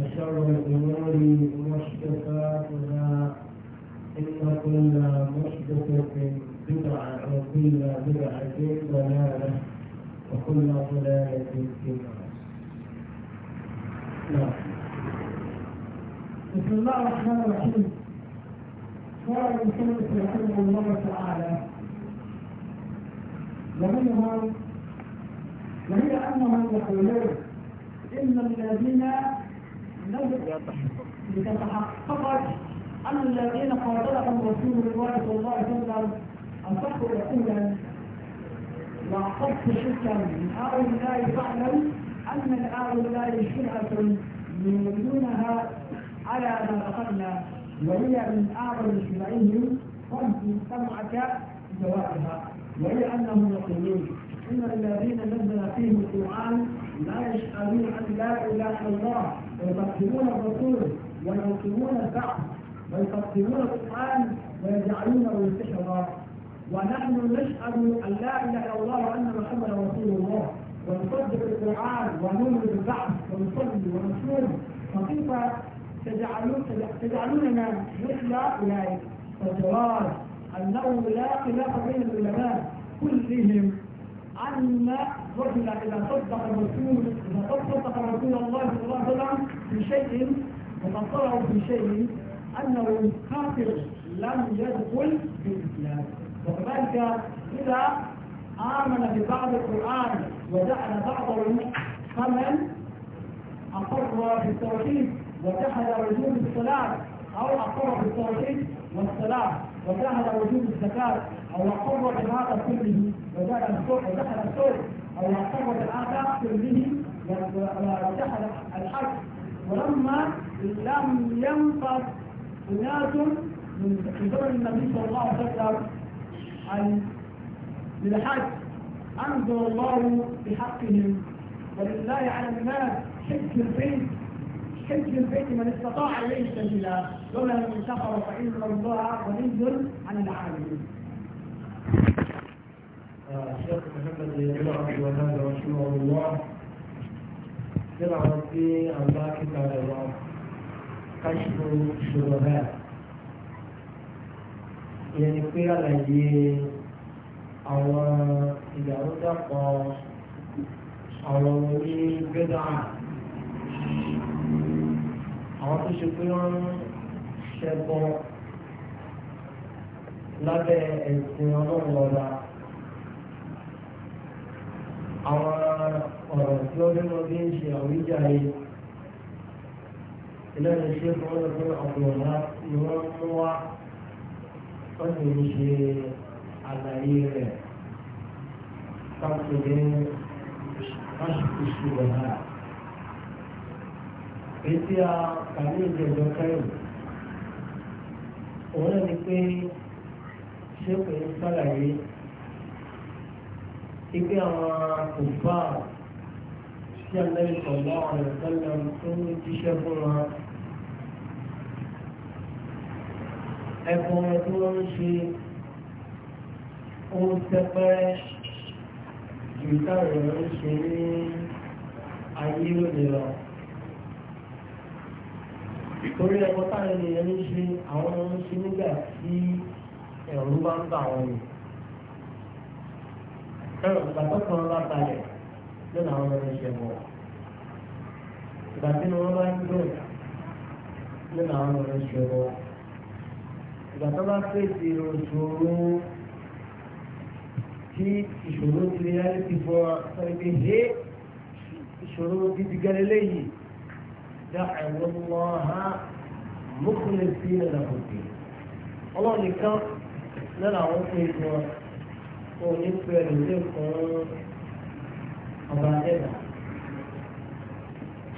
وشر الأمور محدثاتها إن كل محدثة بدعة وكل بدعة ضلالة وكل ضلالة في النار. نعم. بسم الله الرحمن الرحيم. قال كلمة رحمه الله تعالى ومنهم وهي انهم يقولون ان الذين لتتحقق أن الذين قاتلهم رسول الله صلى الله عليه وسلم أنفقوا عقولا وأحققت شركا من هؤلاء فاعلم أن هؤلاء شرعة يريدونها على ما اخذنا وهي من أعظم شرعهم فرد سمعك جوابها وهي أنهم يقولون إن الذين نزل فيهم القرآن لا يشهدون أن لا إله إلا الله ويقدمون الرسول وينصرون البعث ويقدمون القرآن ويجعلونه سحرا ونحن نشهد أن لا إله إلا الله وأن محمدا رسول الله ونصدق القرآن ونؤمن بالبعث ونصلي ونصوم فكيف تجعلون تجعلوننا مثل أولئك فالجواب أنه لا خلاف بين العلماء كلهم أن رجلا إذا صدق الرسول إذا صدق رسول الله صلى الله عليه وسلم في شيء ومن في شيء أنه كافر لم يدخل في الإسلام وكذلك إذا آمن ببعض القرآن وجعل بعضهم فمن أقر بالتوحيد وجحد وجود الصلاة أو أقر بالتوحيد والصلاة وجحد وجود الزكاة أو أقر بهذا كله وجعل الصوت وجحد الصوت أو أقر بالآداب كله وجحد الحج ولما لم ينقذ أناس من زمن النبي صلى الله عليه وسلم عن للحج أنزل الله بحقهم ولله على الناس حج البيت حج البيت من استطاع إليه سبيلا ان كفر فإن الله ونزل عن العالمين. الشيخ آه، محمد بن عبد الوهاب رحمه الله nínú àwọn tí a ń bá kíkà rẹ̀ lọ káṣíkò ṣòro rẹ̀ ìyẹn ni pé àlàyé àwọn ìdàrúdàpọ̀ àwọn orí gbẹ́dà àwọn tó ṣe pé wọ́n ń ṣẹ́gun lábẹ́ ẹ̀sìn ọlọ́run lọ́la àwọn ọ̀rọ̀ tí ó nínú bí ń ṣe àwíjàre ilé ìṣe fún wọn pé ọ̀pọ̀lọpọ̀ ni wọ́n mú wá wọ́n sì ń ṣe àlàyé rẹ̀ káàkiri máṣíkìṣì ọ̀la. Ètí a kàní ìjọba kẹ́yìn, òun náà ni pé ṣé kò sálàyé ipe àwọn kòfà tí àlẹ́yìn sọ̀lá ọ̀rẹ́ sẹ́lẹ̀ ń jíṣẹ́ fún wa. ẹ̀kọ́ tí wọ́n ń ṣe ohun tẹ́pẹ́rẹ́ ju táwọn ń ṣe ní ayé lónìí lọ. torí ẹ̀kọ́ táwọn ènìyàn ń ṣe àwọn ọmọ ń ṣe nígbà tí ẹ̀rù bá ń bà wọ́n nù ìgbà tó kàn án bá balẹ̀ lónà àwọn ọmọ ìṣẹ̀ wọ̀ ìgbà tí wọ́n bá ń dùn lónà àwọn ọmọ ìṣẹ̀ wọ̀ ìgbà tó bá pèsè ìṣòro tí ìṣòro ti rí láyé ti kó o ní pé ẹlòmíì fún ọba ẹ̀dá.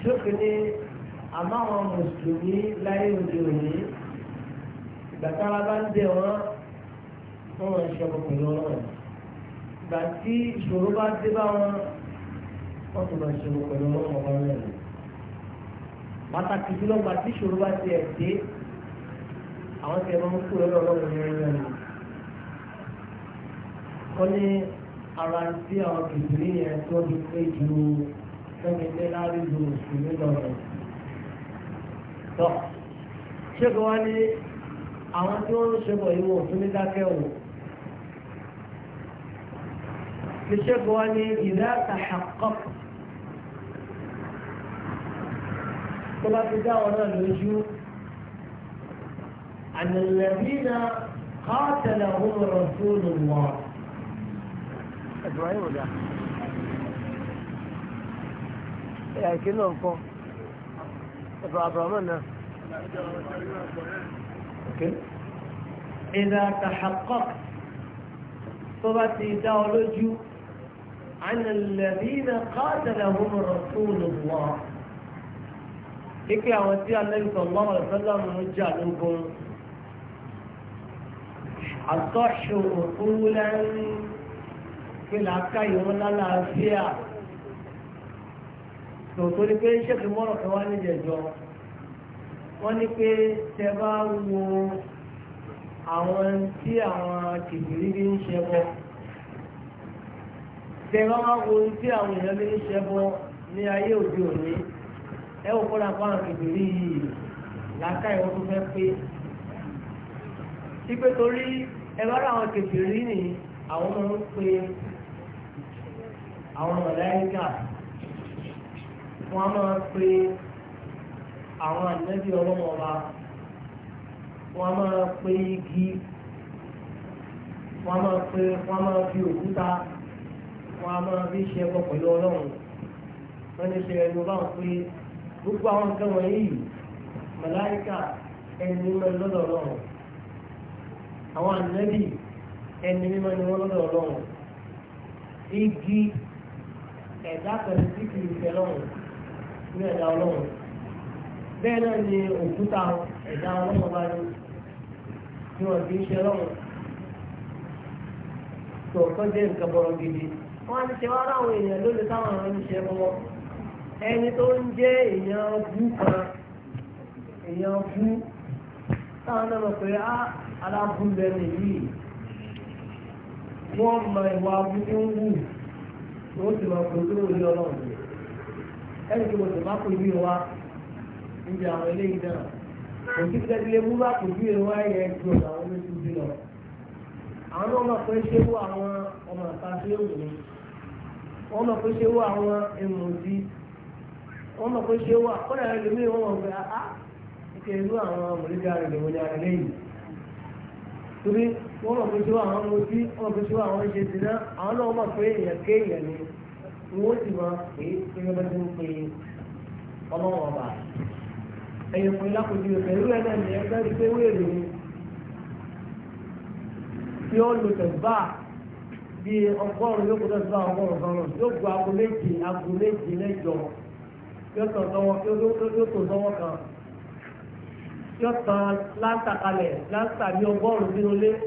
Ṣókè ni àmọ́ àwọn mùsùlùmí láyé òde òní ìgbà tára bá ń dé wọn wọn máa ń ṣọkọ pẹ̀lú ọlọ́run. Ìgbà tí ìṣòro bá dé bá wọn wọn tó máa ṣọkọ pẹ̀lú ọlọ́run ọba mẹ́rin. Pàtàkì jùlọ gbà tí ìṣòro bá ti ẹ̀ dé àwọn tí ẹ máa ń kúrò lọ́wọ́ ọlọ́run mẹ́rin mẹ́rin wọ́n ní ara tí àwọn kìtìrí yẹn tó ti pé ju sẹ́mìtẹ́ láàrin ju òṣèlú lọ́rọ̀. tọ́ ṣé kí ní àwọn tí wọ́n ń ṣe yìí wọ́n tún ní dákẹ́ wò. الشيخ واني إذا تحقق طبعا إذا وراء الوجوه عن الذين قاتلهم رسول الله أدوائي ولا يعني كلهم قوم إذا تحقق صبتي دولجو عن الذين قاتلهم رسول الله هيك يا وسيع النبي صلى الله عليه وسلم رجال لكم الصح أصولا pé làákà ìwọ́n lálàáfíà tòótọ́ ni pé ṣẹ́kì mọ́rọ̀ kan wá níjẹ̀jọ́ wọ́n ní pé tẹ bá wo àwọn tí àwọn kìbìrì bí ń ṣe bọ́ tẹ bá wá wo tí àwọn èèyàn bí ń ṣe bọ́ ní ayé òde òní ẹ wò kọ́ra fún àwọn kìbìrì yìí làákà ìwọ́n tó fẹ́ pé sí torí ẹ bá rà àwọn kìbìrì nìyí àwọn máa ń pe àwọn mọ̀láyíkà wọ́n máa pe àwọn ànábì ọlọ́wọ́ ọba wọ́n máa pe igi wọ́n máa pe wọ́n máa fi òkúta wọ́n máa fi ṣe ẹ̀kọ́ pẹ̀lú ọlọ́run wọ́n ní ṣe ẹnu báwọn pé gbogbo àwọn nǹkan wọ̀nyí mọ̀láyíkà ẹni mímọ́ ni lọ́dọ̀ ọlọ́run àwọn ànábì ẹni mímọ́ ni wọ́n lọ́dọ̀ ọlọ́run igi ẹ̀dá pẹ̀lú tí kì í fẹ́ lọ́rùn ní ẹ̀dá ọlọ́run bẹ́ẹ̀ náà ni òkúta ẹ̀dá ọlọ́run bá ní tí wọ́n ti ń ṣe lọ́rùn tó ọ̀kan jẹ́ nǹkan bọ̀rọ̀ gidi wọ́n á ní ṣe wá ráwọn èèyàn lóde táwọn àwọn ń ṣe wọn ẹni tó ń jẹ́ èèyàn bú kan èèyàn bú táwọn náà mọ̀ pé á alábùú yìí wọ́n mọ ìwà abúlé ń wù. wọ́n sì máa kó lórí orí ọlọ́run ẹni tí mo sì máa kó ìwé wa níbi àwọn eléyìí náà kò sí kẹ́kẹ́lé mú bá kó ìwé wa yẹ ju ọ̀dọ̀ àwọn olóṣù bí lọ. àwọn náà máa pẹ́ ṣé àwọn ọmọ àta sí òmìnir wọ́n àwọn wọ́n wọ́n mọ̀ pé tí wọ́n àwọn mojú wọ́n pé tí wọ́n àwọn ṣe ti náà àwọn náà mọ̀ pé èèyàn kéèyàn ni wọ́n sì máa pè é kí wọ́n bá ti ń pe ọlọ́wọ́n ọba. ẹ̀yìn fún ilákojú rẹ̀ pẹ̀lú ẹ̀ náà ní ẹgbẹ́ rí pé wéèrè ni tí ó lo tẹ̀síbà bí ọgọ́rùn-ún yóò kó tẹ̀síbà ọgọ́rùn kan náà yóò gbọ́ aago méje aago méje lẹ́jọ yóò tọ̀ sọ́wọ́ yóò tàn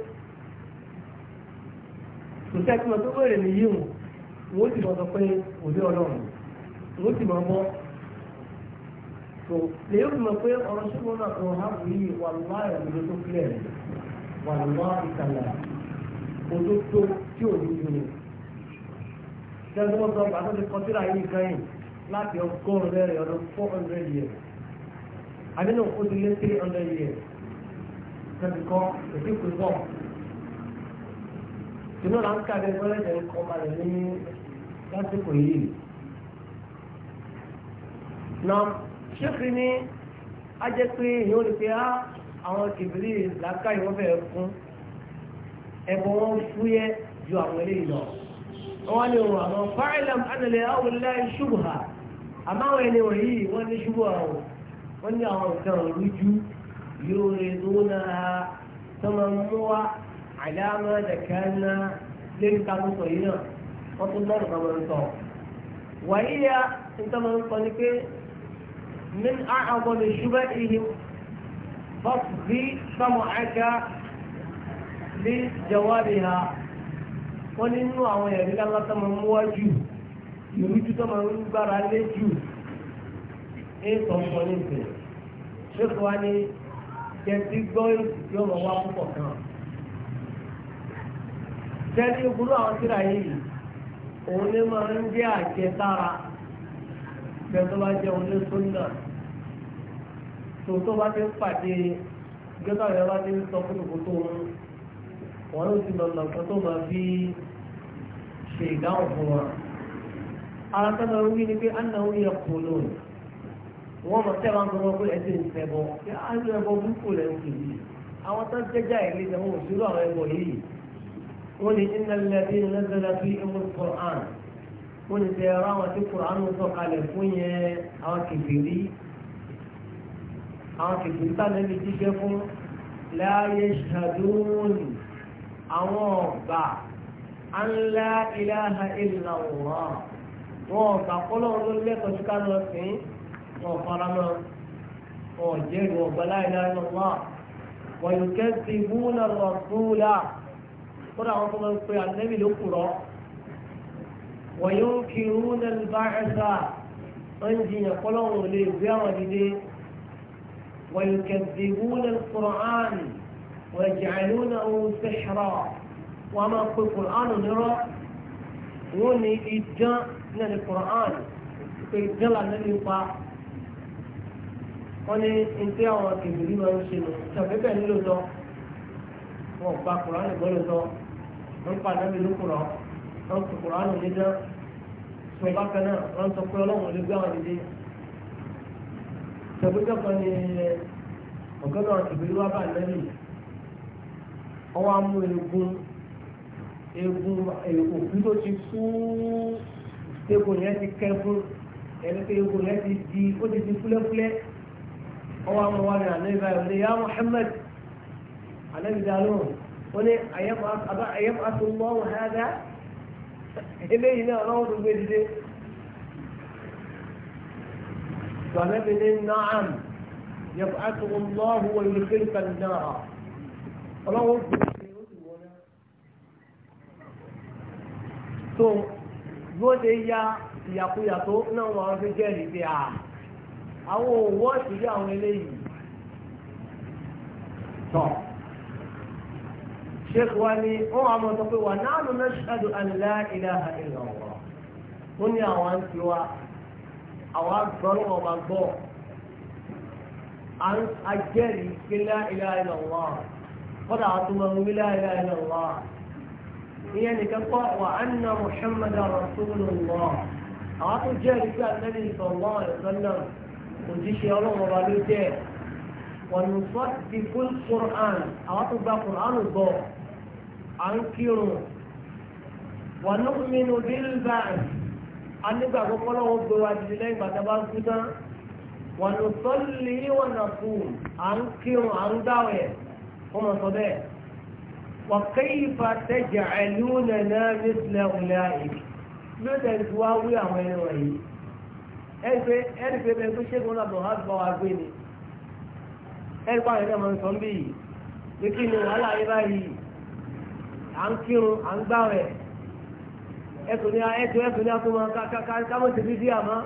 kò sí àtúntò tó bẹ̀rẹ̀ ní yíwọ̀n wọ́n ti mọ̀ sọ pé òde ọlọ́run wọ́n ti mọ̀ mọ́ tó lè yóò mọ̀ pé ọ̀rọ̀ ṣùgbọ́n náà kò há wù yìí wà láì òdodo tó kílẹ̀ wà lọ́ ìtàlà òdodo tí ò ní yìí jẹ́gbọ́n sọ pàtó ti kọtíra yìí kẹ́yìn láti ọgọ́rùn rẹ̀ ọdún four hundred years àbínú ó ti lé three hundred years kẹ́kọ̀ọ́ ètí inú la ń ká bẹ fẹ́rẹ́ jẹ́ kọ́ ma rẹ̀ ní lásìkò yìí. na ṣéèkì ni a jẹ́ pé èèyàn lè pe á àwọn kìbìrì làákà ìwọ́n fẹ́ fún ẹ̀bùn wọn fúyẹ́ ju àwọn eléyìí lọ. wọ́n ní òun àwọn fáìlàm ànàlẹ́ àwòlá ṣubùhà àmọ́ àwọn ẹni wọ̀nyí wọ́n ní ṣubùhà o wọ́n ní àwọn nǹkan rújú yóò rè lónà tó máa ń mú àìláàmọ́ ẹ̀dẹ̀kẹ́ná lẹ́yìn tá a ń sọ yìí náà wọ́n tún lọ́rùn náà wọ́n ń sọ. wàyí ya nítorí wọ́n ń sọ ni pé min àhàbọ̀ lè ṣubẹ́ ìhìn bọ́ọ̀sì bí sọ́mọ àga lè jẹ̀wáàbì ha wọ́n ní àwọn ẹ̀rí lánàá tó máa ń wá jù ìrújú tó máa ń gbára lé jù ní ìtọ́sọ ní ìsìn. ṣé kò wá ní jẹ́ ti gbọ́ ìsìn tí ó púpọ̀ kan. tẹ́lẹ̀ ìgbúrú àwọn tíra yìí òun ní máa ń jẹ́ àjẹsára bẹ́ẹ̀ tó bá jẹ́ òun ní sóńdà tó tó bá ti ń pàdé gbẹ́tọ̀ rẹ̀ bá ti ń sọ fún ìkótó òun wọn ló ti lọ́nà kan tó máa fi ṣe ìdáhùn fún wa. ara tó máa ń wí ni pé anáwó yẹ kó wọ́n mọ̀ tó wọ́n pé ẹsẹ̀ ń fẹ́ bọ́ á ń lọ ẹbọ búkú rẹ̀ ń àwọn wọ́n ní iná lẹ́bí lẹ́sẹ̀lẹ́ fi ẹ̀mú kùrán wọ́n ní sẹ́yà ráwọn tí kùrán ń sọ̀kalẹ̀ fún yẹn àwọn kìfìrí àwọn kìfìrí sáré ní jíjẹ fún láàyè ṣàdúrún àwọn ọ̀gbà ńlá ìlàhà ìlà wọ́n wọn ọ̀gbà kọ́lọ́ ló lẹ́tọ̀ọ́ sí kánú ọ̀sìn wọn faramọ́ wọn jẹ́rìí ọ̀gbà láìláìlọ́wọ́ wọ́n yóò kẹ́ kódà wọn tó máa ń pe ànẹ́bì ló kùrọ̀ wọ́n yóò kí irun náà bá ẹ̀sà wọ́n ń jiyàn kọ́lọ́hún lè gbé àwọn dìde wọ́n yóò kẹ́sì irun náà kùrọ̀ áàlì wọ́n náà ń sẹ́ṣọ̀rọ̀ wọ́n máa pe kùrọ̀ áàlù wọ́n ní idán náà ní pé idán là pa wọ́n ní ntí àwọn kìbìrì máa ń ṣe lọ tàbí nílò lọ wọ́n gba kùrọ̀ áàlù gbọ́dọ̀ ń pa ànábì lókùrọ̀ ń sọ kùránù nídá sọ bákan náà wọ́n sọ pé ọlọ́run ló gbé àwọn nílé tẹ̀gbẹ́jọ́ kan ní ọ̀gá náà ìgbèrú wá bá ànábì ọwọ́ amú eegun eegun òkú tó ti fún eegun yẹn ti kẹ́ ẹni pé eegun yẹn ti di ó ti di fúlẹ́fúlẹ́ ọwọ́ amú wa ní ànábì báyìí ọ̀lẹ́yà Muhammad ànábì dá lóhùn wọ́n àyẹ̀fọ́ àtúnmọ́wọ́ hádá eléyìí náà lọ́wọ́ tó gbé dìde gbàmẹ́bìnrin náàm yẹ̀fọ́ àtúnmọ́wọ́ wọ ilé kéńkà náà ọlọ́wọ́ gbé dìde ó sì wọ́n náà. tó bí wọ́n ṣe ya ìyàkuyà tó náà wọ́n fi jẹ́ ìdí à àwọn òwò ìṣèlú àwọn eléyìí sheikh wa ni wọn wà mọ sọ pé wà náà ló náà ṣáàdù àlá ilaha illallah wọn ní àwọn ń tiwa àwọn agbọrọ wọn máa gbọ́ ajẹ́rìí pé la ilaha illallah kọ́dà àtúmọ̀ ń wí la ilaha illallah ìyẹn nìkan kọ́ wà anna muhammadan rasulullah àwọn tó jẹ́rìí pé àtẹ́lẹ̀ ìsọ̀lọ́ ìsọ̀lọ́ òjíṣẹ́ ọlọ́run ọba ló jẹ́ wọ̀nùfọ́ ti kúl kúrán àwọn tó gba kúrán gbọ́ à ń kírun wà ní mímu bílbà anígbà àkọ́kọ́ náà wọ́n gbé wa jìnnì lẹ́yìn gbàtà bá kú tán wà ní sọ́ọ̀lì wà nà kú à ń kírun à ń dáwẹ̀ wọ́n mọ̀ sọ bẹ́ẹ̀ wà kéyìfà tẹ̀jà ẹ̀lú nàná ní sílẹ̀ òlẹ̀ àyè ló dẹ̀ ti wá wí àwọn ẹni wọ̀nyí ẹgbẹ́ ẹgbẹ́ ni ẹgbẹ́ àwọn ẹ̀rẹ́ mọ̀ ń sọ ń bí yìí pé kí à ń kírun à ń gbàwẹ̀ ẹ̀sùn ní ẹ̀sùn ẹ̀sùn ní atúmọ̀ kámọ̀tì bíbí àmọ́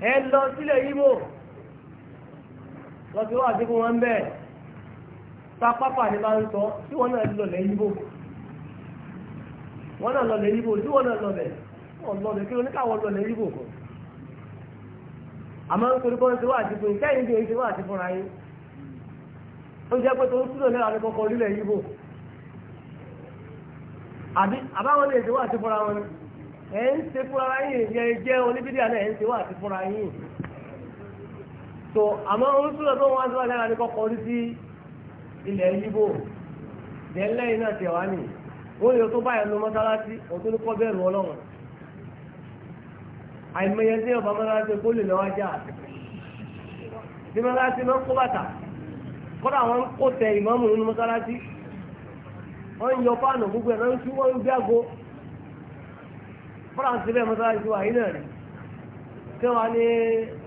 ẹ lọ sílẹ̀ yíbò lọ sí wà sí fún wọn bẹ́ẹ̀ ta pápá ni máa ń sọ tí wọ́n náà lọlẹ̀ yíbò wọ́n náà lọlẹ̀ yíbò tí wọ́n náà lọlẹ̀ ọ̀lọ́lẹ̀ kí oníkàwọ́ lọlẹ̀ yíbò kan àmọ́ ń torí kọ́ńtì wà sí fún bí èyí ti wà sí fúnra ó jẹ́ pé tó ń súnà ní kọ́kọ́ orílẹ̀ yíbò àbí àbáwọn lè ṣe wà sí fúnra wọn ẹ̀ ń ṣe fúnra yìí yẹ jẹ́ oníbídíà náà ẹ̀ ń ṣe wà sí fúnra yìí so àmọ́ orúkúlọ tó wọ́n tó wà lára ní kọ́kọ́ orí sí ilẹ̀ yíbò jẹ́lẹ́ iná tẹ̀wá nì ó yẹ tó báyìí lọ mọ́sálásí òtún ní kọ́ bẹ́ẹ̀rù ọlọ́run àìmọye tí ọba mọ́sálásí kó lè lọ́wọ́ jà ní mọ́sálásí máa kó bàtà kọ́dà wọn kó tẹ ìmọ̀mù nínú mọ́sálásí wọ́n ń yọ fáànù gbogbo ẹ̀ lọ́nà tí wọ́n ń gbẹ́go france bẹ́ẹ̀ mọ́tà náà tí wọ́n ní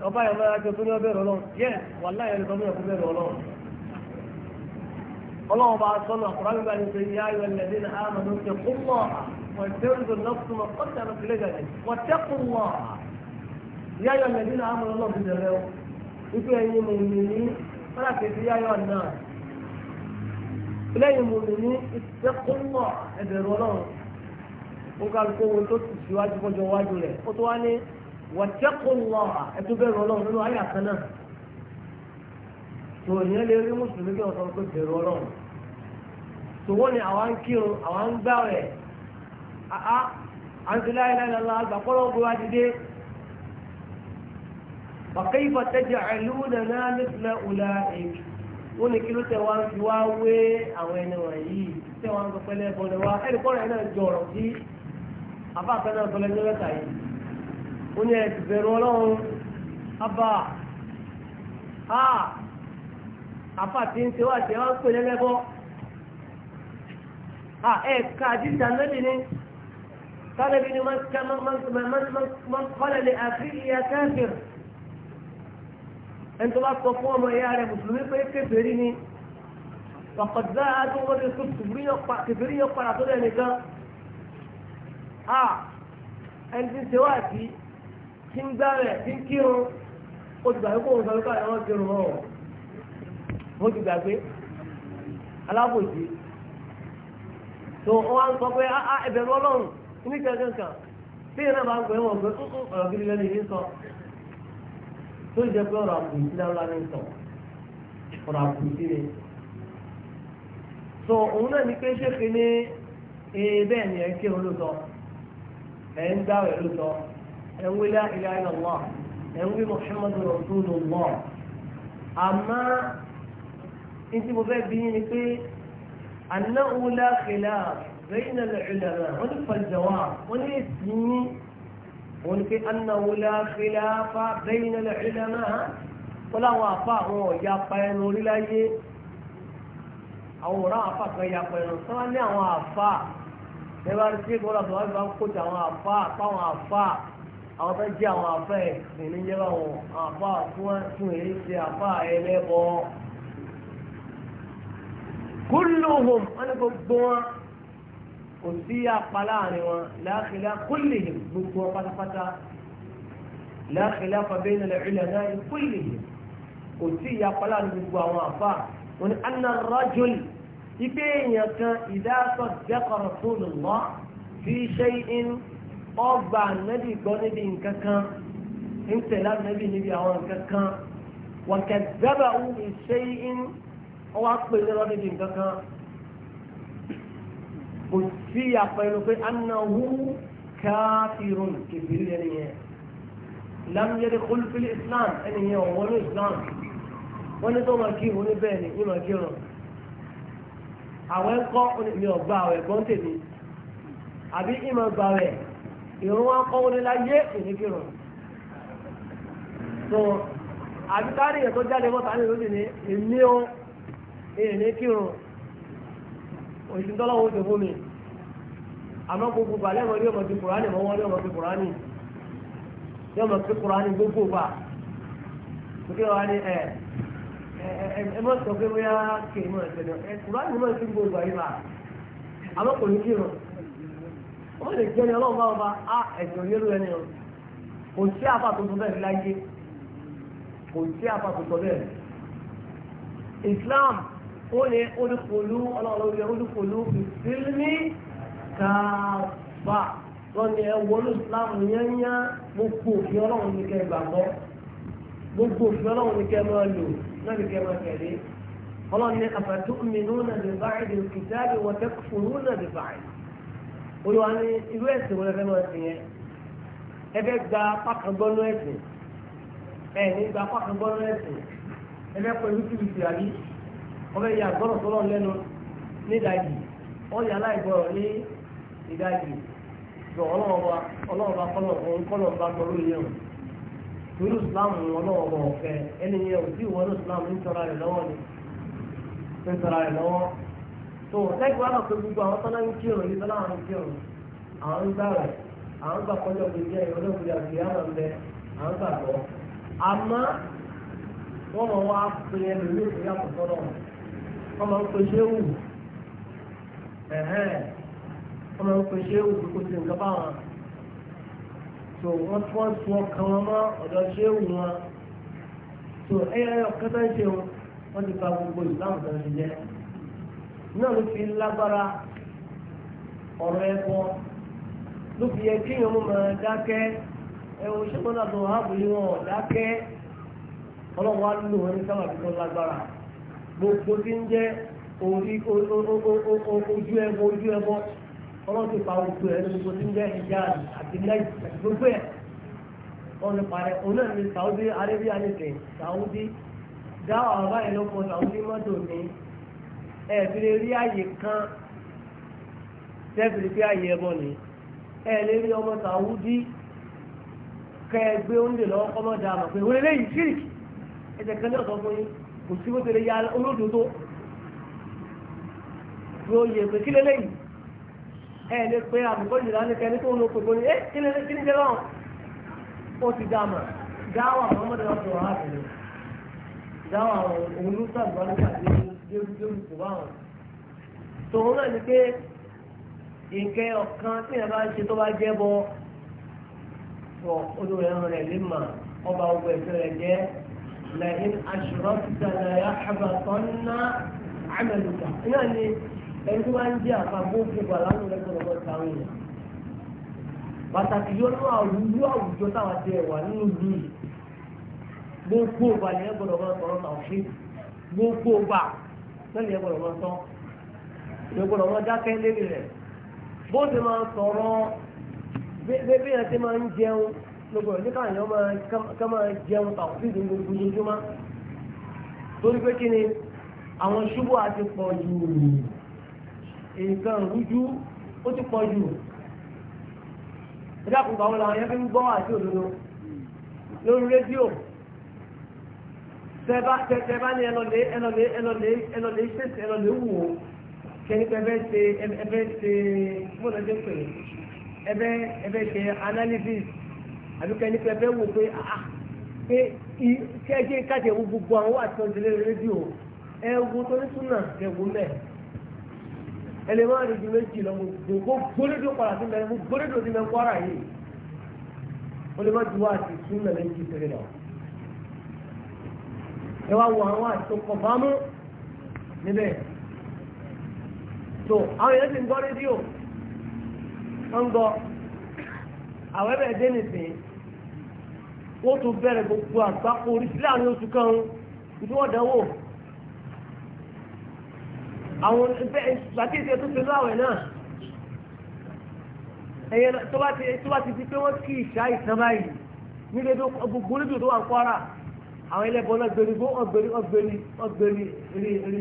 ọba yẹn máa jẹ tó ní ọbẹ̀ rẹ̀ yẹ wà láyé ẹni tó ní ọbẹ̀ rẹ̀ ọlọ́run bá sọ́nà àkùrá mi ní yá ní kọ́tà ló yá ní lẹ́yìn mo lè ní ìtẹ́kùnmọ̀ ẹ̀bẹ̀rù ọlọ́run ó ká ló kóhun tó ti síwájú kọjọ wájú rẹ̀ ó tó wá ní wàtẹ́kùnmọ̀ ẹ̀dúbẹ̀rù ọlọ́run nínú ayé àkan náà tó ìyẹn lè rí mùsùlùmí kí wọ́n sọ pé bẹ̀rù ọlọ́run tó wọ́n ní àwa ń kírun àwa ń gbá rẹ̀ àá àǹtí láìláìlá àgbàkọ́lọ́ gbé wá dìde wàkẹ́yìí fàtẹ́jà ẹ̀lú wọ́n ní kí ló tẹ wá ń fi wá wé àwọn ẹni wọ̀nyí tẹ wọ́n ń sọ pẹ́lẹ́ bọ́lẹ̀ wá ẹni kọ́ra ẹ̀ náà jọ ọ̀rọ̀ sí afáàfẹ́ náà sọ lẹ́jọ́ mẹ́ta yìí wọ́n ní ẹ̀sìn bẹ̀rù ọlọ́run abba a afa ti ń ṣe wá ṣe wọ́n ń pè lẹ́lẹ́bọ́ a ẹ̀ ká àdìsí ànábì ni tálẹ́bì ni man kọ́lẹ̀ lè àfi ìyá káfíìrì ẹni tó bá sọ fún ọmọ ìyá rẹ̀ mùsùlùmí pé kèfèrí ni pàpàdé àti wọn lè sọ kèfèrí yẹn padà tó dẹ̀ nìkan a ẹni tí ń ṣe wáàtí tí ń gbá rẹ̀ tí ń kírun ó ti gbàgbé kó òun sọ wípé àwọn ọmọ kírun wọn o wọ́n ti gbàgbé alábòjì tó wọ́n á ń sọ pé ah, ah, ẹbẹ̀rù ọlọ́run ní kankan kan tí ìyẹn náà bá ń pè é wọ́n ọ̀rọ̀ gidi lẹ́nu yìí sọ tó jẹ́ pé ọ̀rọ̀ àbùkù sí lára ní sọ ọ̀rọ̀ àbùkù sí ni. sọ òun náà ní pé ṣé fi ní bẹ́ẹ̀ ni ẹ̀ ń kírun ló sọ ẹ̀ ń gbáwẹ̀ ló sọ ẹ̀ ń wí lá ilá ilá wà ń wí Muhammadu Rasulullah àmọ́ ìdí mo fẹ́ bí yín ni pé annahu la khilaf bayna al-ulama wọ́n ní fal-jawab wọ́n ní èsì yín òun pé anáwó láfílà fa bẹ́yìn náà ìlà náà wọ́n láwọn afá àwọn ọ̀yà apá ẹnu oríláyé àwọn ọ̀rá afá kan ya apá ẹnu sọ́wọ́n ní àwọn afá ẹ bá rí sí ìbọ̀lá tó wá bí wọ́n kó ti àwọn afá àpáwọn afá àwọn tó jẹ́ àwọn afá ẹ̀ ní jẹ́ báwọn afá fún èyí ṣe afá ẹlẹ́bọ. kúlùhùn wọn ni gbogbo wọn kò sí apá láàrin wọn láàkìlá kúlì gbogbo pátápátá láàkìlá fàbẹ́yìn lẹ́yìn ìlẹ̀ náà kúlì kò sí apá láàrin gbogbo àwọn àfà wọn ni anna rajul ipe èèyàn kan ìdásọ dẹkọrọ tó lò wá fi ṣe in ọgbà nẹbi gbọ́ níbi nǹkan kan ń tẹ̀lé nẹbi níbi àwọn nǹkan kan wọn kẹ dábàá wù ṣe in ọwọ́ pè níbi nǹkan kan kò sí àpẹẹrẹ pé annahu káfírun kìfìrí ẹni yẹn lámúyẹ́dẹ́ kólúfìlì islam ẹni yẹn ọ̀wọ́ ní islam wọ́n ní tó máa kí òun ní bẹ́ẹ̀ ni ìmọ̀ kí ràn àwọn ẹ̀kọ́ mi ò gba àwẹ̀ gbọ́n tèmi àbí ìmọ̀ gba àwẹ̀ ìrún wa kọ́ wọn láyé ìní kí tó àbí káàdì yẹn tó jáde mọ́ta ní ìlú ní èmi ó ìní kí òsì tọ́lọ́wọ́ tó fún mi àmọ́ gbogbo gbà lẹ́mọ̀ rí ọmọ ti kùránì mọ́wọ́ rí ọmọ ti kùránì ọmọ ti kùránì gbogbo wa ni ẹ ẹ mọ̀ sọ pé bóyá kè mọ̀ ẹ̀sẹ̀ náà ẹ kùránì mọ̀ sí gbogbo gbà yìí mà àmọ́ kò ní kírun wọ́n lè jẹ́ ni ọlọ́run bá wọn bá ah, ẹ̀sìn ẹni o kò sí tuntun bẹ́ẹ̀ láyé kò sí ó lè olùkòlú ọlọ́run olùkòlú fìfìlmì kàfà wọ́n ní ẹwọ́ olùsìlámù yányá gbogbo òfin ọlọ́run ní kẹ́ gbàgbọ́ gbogbo òfin ọlọ́run ní kẹ́ máa lò náà ní kẹ́ máa tẹ̀lé ọlọ́run ní àfàtú mìínú náà lè báyìí lè kìtàbí wọ́n tẹ́ fòrú náà lè báyìí olùwà ní irú ẹ̀sìn wọn fẹ́ máa sìn yẹn ẹ fẹ́ gba pákàgbọ́nú ẹ̀sìn ẹ̀ ní gba pákàgbọ́nú ẹ̀sìn ẹ fẹ́ pẹ̀lú tìbìtì àbí ọ bụ yà gbọ́dọ̀ lẹ́nu ní ìdajì yà aláìgbọ́rọ̀ ní ìdajì tó ọlọ́ọ̀bá ọlọ́ọ̀bá kọ́lọ̀ òun kọ́lọ̀ bá o torí islam ọlọ́ọ̀bá ọ̀fẹ́ ẹni yẹn òbí ìwọ́n islam ń tọ́ra rẹ̀ lọ́wọ́ ni ń tọ́ra rẹ̀ lọ́wọ́ tó lẹ́gbẹ̀ẹ́ wà gbogbo àwọn tọ́lá ń kírun ní tọ́lá ń kírun àwọn ń àwọn gbà kọjọ ọmọ ń pe ṣéwù ọmọ ń pe ṣéwù kókó sí nǹkan báwọn tó wọ́n tí wọ́n tún ọkàn wọn mọ́ ọ̀dọ̀ ṣéwù wọn tó ẹyẹ ọ̀kan tó ń ṣe wọn wọ́n ti ba gbogbo ìsìláàmù tó ń ṣe jẹ́ náà ló fi lágbára ọ̀rọ̀ ẹ̀kọ́ ló fi yẹ kéèyàn mọ̀ dákẹ́ ẹ̀wọ̀n ṣẹ́gun náà tó wà á bùlé wọn dákẹ́ ọlọ́wọ́ á lò wọn ní sábà tó lágbára gbogbo tí ń jẹ́ ojú ẹbọ ojú ẹbọ ọlọ́sìn pa ojú ẹ ní gbogbo tí ń jẹ́ ìjà àti lẹ́yìn àti gbogbo ẹ̀ wọ́n ní parẹ́ òun náà ní Saudi Arabia nìkan Saudi dáwọ̀ àwọn báyìí ló kọ Saudi mọ́tò ní ẹ̀ẹ́dì lè rí àyè kan tẹ́ẹ̀fì pé àyè ẹbọ ni ẹ̀ẹ́ lè rí ọmọ Saudi kẹ́ẹ̀gbé oúnjẹ lọ́wọ́ kọ́mọ́dà àmọ̀ pé wọ́n eléyìí sírìkì ẹ̀jẹ̀ kan ní ọ̀sán fún yín kò sí bó tẹ̀lé ya olódodo yóò yẹ pé kí lélẹ́yìn ẹ lè pe àbùkọ́ ìjìlá ní kẹ́ni tó ń lo pèpè ní ẹ kí lélẹ́ kí ní jẹ́ báwọn ó ti dá mà dáwà mọ́mọ́dé wọn tó wà á tẹ̀lé dáwà òun ló sàgbọ́n nípa débi kò báwọn tòun náà ni pé nǹkan ọ̀kan tí yẹn bá ń ṣe tó bá jẹ́ bọ́ ọ olùrẹ̀ rẹ̀ lè mà ọba ogun ẹ̀sìn rẹ̀ jẹ́ lẹ́yìn aṣọ́rọ́tà lẹ́yà àbàtọ́nà àmàlùkà náà ni ń àpapọ̀ táwọn pàtàkì yóò ní àwùjọ àwùjọ táwọn ẹ̀wà nínú ìlú gbogbo ọba ni ẹgbọ̀n ọ̀gbọ̀n sọ̀rọ̀ gbogbo ọba sẹ́ni ẹgbọ̀n ọ̀gbọ̀n sọ ẹgbọ̀n ọ̀gbọ̀n dákẹ́ bó ti gbogbo ẹ̀ nípa àyàn máa jẹun tàwọ́fíìdì gbogbo ojoojúmọ́ torí pé kí ni àwọn ṣubú àti pọ̀ jù nǹkan rújú ó ti pọ̀ jù ẹ̀dá kùnkà wọn làwọn yẹn fi ń gbọ́ àti òdodo lórí rédíò tẹ́ẹ̀bá ní ẹlọ́lé ẹlọ́lé ẹlọ́lé ẹlọ́lé ṣèṣe ẹlọ́lé wù ó kẹ́ni pé ẹbẹ́ ṣe ẹbẹ́ ṣe mọ́lẹ́dẹ́pẹ̀ ẹbẹ́ ẹbẹ́ ṣe analysis àbíkẹ́ ní pẹ́pẹ́ wò pé ah, ah pé kẹ́jẹ́ kájẹ́ wo gbogbo àwọn àtọ́jọ́lé rédíò ẹ wo tó ní súnà ẹ wo mẹ́ ẹ lè máa rìn ju méjì lọ gbogbo gbólédò padà sí mẹ́rin gbogbo gbólédò sí mẹ́rin kwara yìí ó lè má ju wá àti súnà méjì péré lọ. ẹ wá wo àwọn àtọkọ̀ bámú níbẹ̀ tó àwọn èèyàn ti ń gbọ́ rédíò wọ́n ń gbọ́ àwẹ́bẹ̀ẹ́dẹ́nìsìn wọ́n tún bẹ̀rẹ̀ gbogbo àgbákò oríṣi láàrin oṣù kan ìdí wọ́n dánwò àwọn ìgbàkejì tó ṣe láwẹ̀ náà ẹ̀yẹ tó bá ti di pé wọ́n kí ìṣá ìtàn báyìí nílé tó gbogbo onídò wà ń kọ́ra àwọn ẹlẹ́bọn náà gbèrè gbó ọgbèrè ọgbèrè ọgbèrè rí rí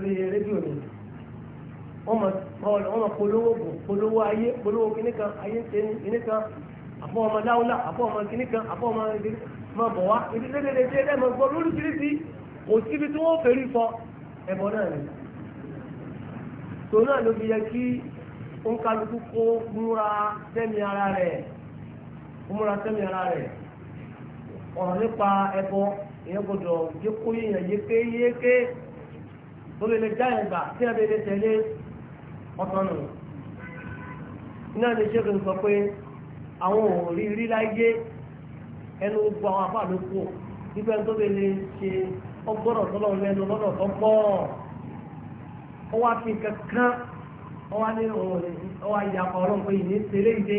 rí rédíò ni wọ́n mọ̀ polówó polówó ayé polówó kíníkan ayé ń tẹ́ kíníkan. àfọ ọmọ láwùlà àfọ ọmọ kìnnì kan àfọ ọmọ máa wá ibi lédèdè ẹ máa gbọ́ lóríṣiríṣi kò síbi tí wọ́n fọ ẹ̀bọ náà ni. tò náà ló fi yẹ kí òǹkàlùkù kó múra sẹ́mi ara rẹ̀ múra sẹ́mi ara rẹ̀ ọ̀rọ̀ nípa ẹ̀bọ ìyẹn kó yéké yéké tó lè lè tí ẹ̀bẹ̀ lè àwọn òrí rí láyé ẹnu gbogbo àwọn afá nígbà tó lè lè ṣe ọgbọ́dọ̀ tọ́lọ̀ lẹ́nu tó pọ̀ ọ wá fi kankan ọ wá ní ọ wá ya ọ̀rọ̀ nǹkan yìí ní tẹ̀lé ìdè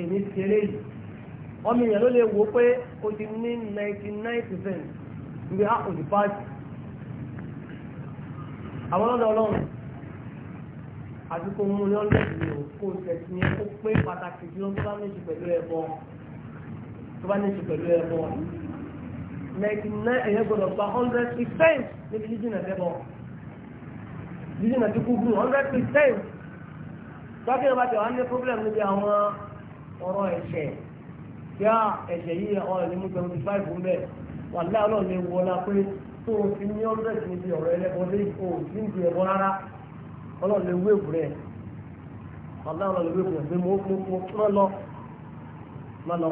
èyí tẹ̀lé yìí ọmọ ló lè wò pé o ti ní nine percent ah, àwọn ọlọ́dọ̀ àti kó mú ní ọ̀lẹ́dì ní òkú ìfẹ̀sì yẹn ó pé pàtàkì jùlọ tó bá ní ṣe pẹ̀lú ẹbọ tó bá ní ṣe pẹ̀lú ẹbọ ninety nine ẹ̀yẹ́ gbọ́dọ̀ gba hundred percent níbi jíjìnà tẹ́bọ̀ jíjìnà tí kú bú hundred percent gbákẹ́ ìbá tẹ̀ wá ní problem níbi àwọn ọ̀rọ̀ ẹ̀ṣẹ̀ kí á ẹ̀ṣẹ̀ yìí ọ̀rọ̀ ní mú seventy five ń bẹ̀ wà láàárọ̀ lè wọlá pé tó o ti ní hundred níbi ọ̀rọ̀ ẹlẹ́bọ̀ lé ọlọ́run lè wéèbù rẹ̀ ọlọ́run lè wéèbù rẹ̀ pé mo mo lọ má lọ.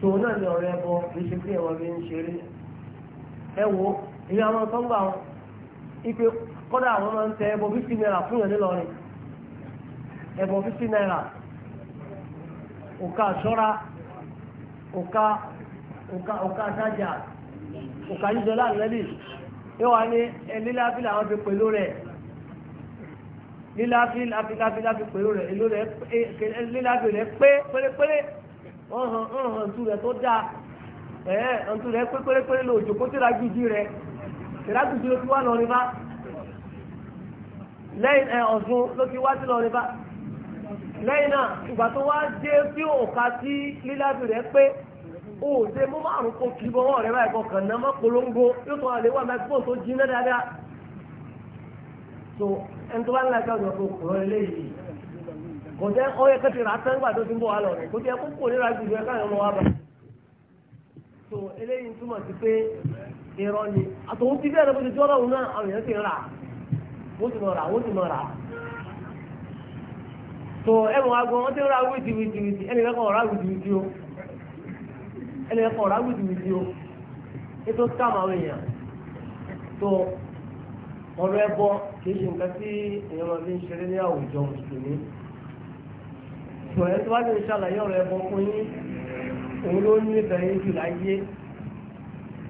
tòun náà ni ọ̀rẹ́ ẹbọ kì í ṣe pé ẹ̀wọ̀n mi ń ṣeré ẹ wo ìyá àwọn tó ń gbà wọn ipe kọ́dà àwọn máa ń tẹ ẹbọ fífi náírà fún yàn nílọrin ẹbọ fífi náírà òkà àṣọra òkà òkà òkà àṣàjà òkà yíjọ láàrin lẹ́bí yóò wá ní líláfi làwọn fi pẹ̀lú rẹ̀ líláfi láfi láfi láfi pẹ̀lú rẹ̀ èlò rẹ̀ líláfi rẹ̀ pé pérépéré ọ̀hàn ọ̀hàn tu rẹ̀ tó dáa ẹ̀ẹ́ ọ̀tún rẹ̀ pé pérépéré lò jòkó tíra gidi rẹ̀ tíra gidi ló fi wá lọ́rin bá lẹ́yìn ọ̀sùn ló fi wá sí lọ́rin bá lẹ́yìn náà ìgbà tó wá dé sí òkà tí líláfi rẹ̀ pé. o ò ṣe mú márùn kó kì í bọ́ ọwọ́ rẹ báyìí kọkàn náà mọ́ polongo yóò tún àlè wà tó dáadáa. so ẹni tó bá ń lájà ọ̀dọ̀ kò kúrọ̀ kò jẹ́ ọyẹ kẹ́tì rà tán gbà tó ti ń bọ̀ wá lọ rẹ̀ kò jẹ́ kó kò nira jù lọ wá so eléyìí túmọ̀ sí pé irọ́ ni àtòun ti bẹ́ẹ̀ lọ́kùnrin jọ́rọ̀ òun náà àwọn èèyàn ti rà wọ́n ti mọ̀ rà wọ́n ti mọ̀ rà ẹlẹ́kọ̀ ọ̀rá wìdìwìdì o ètò scam àwọn èèyàn tó ọ̀rọ̀ ẹbọ kìí ṣe nǹkan tí èèyàn máa fi ń ṣeré ní àwùjọ mùsùlùmí ṣùgbọ́n ẹni tó bá ti ń ṣàlàyé ọ̀rọ̀ ẹbọ fún yín òun ló nífẹ̀ẹ́ yín jù láyé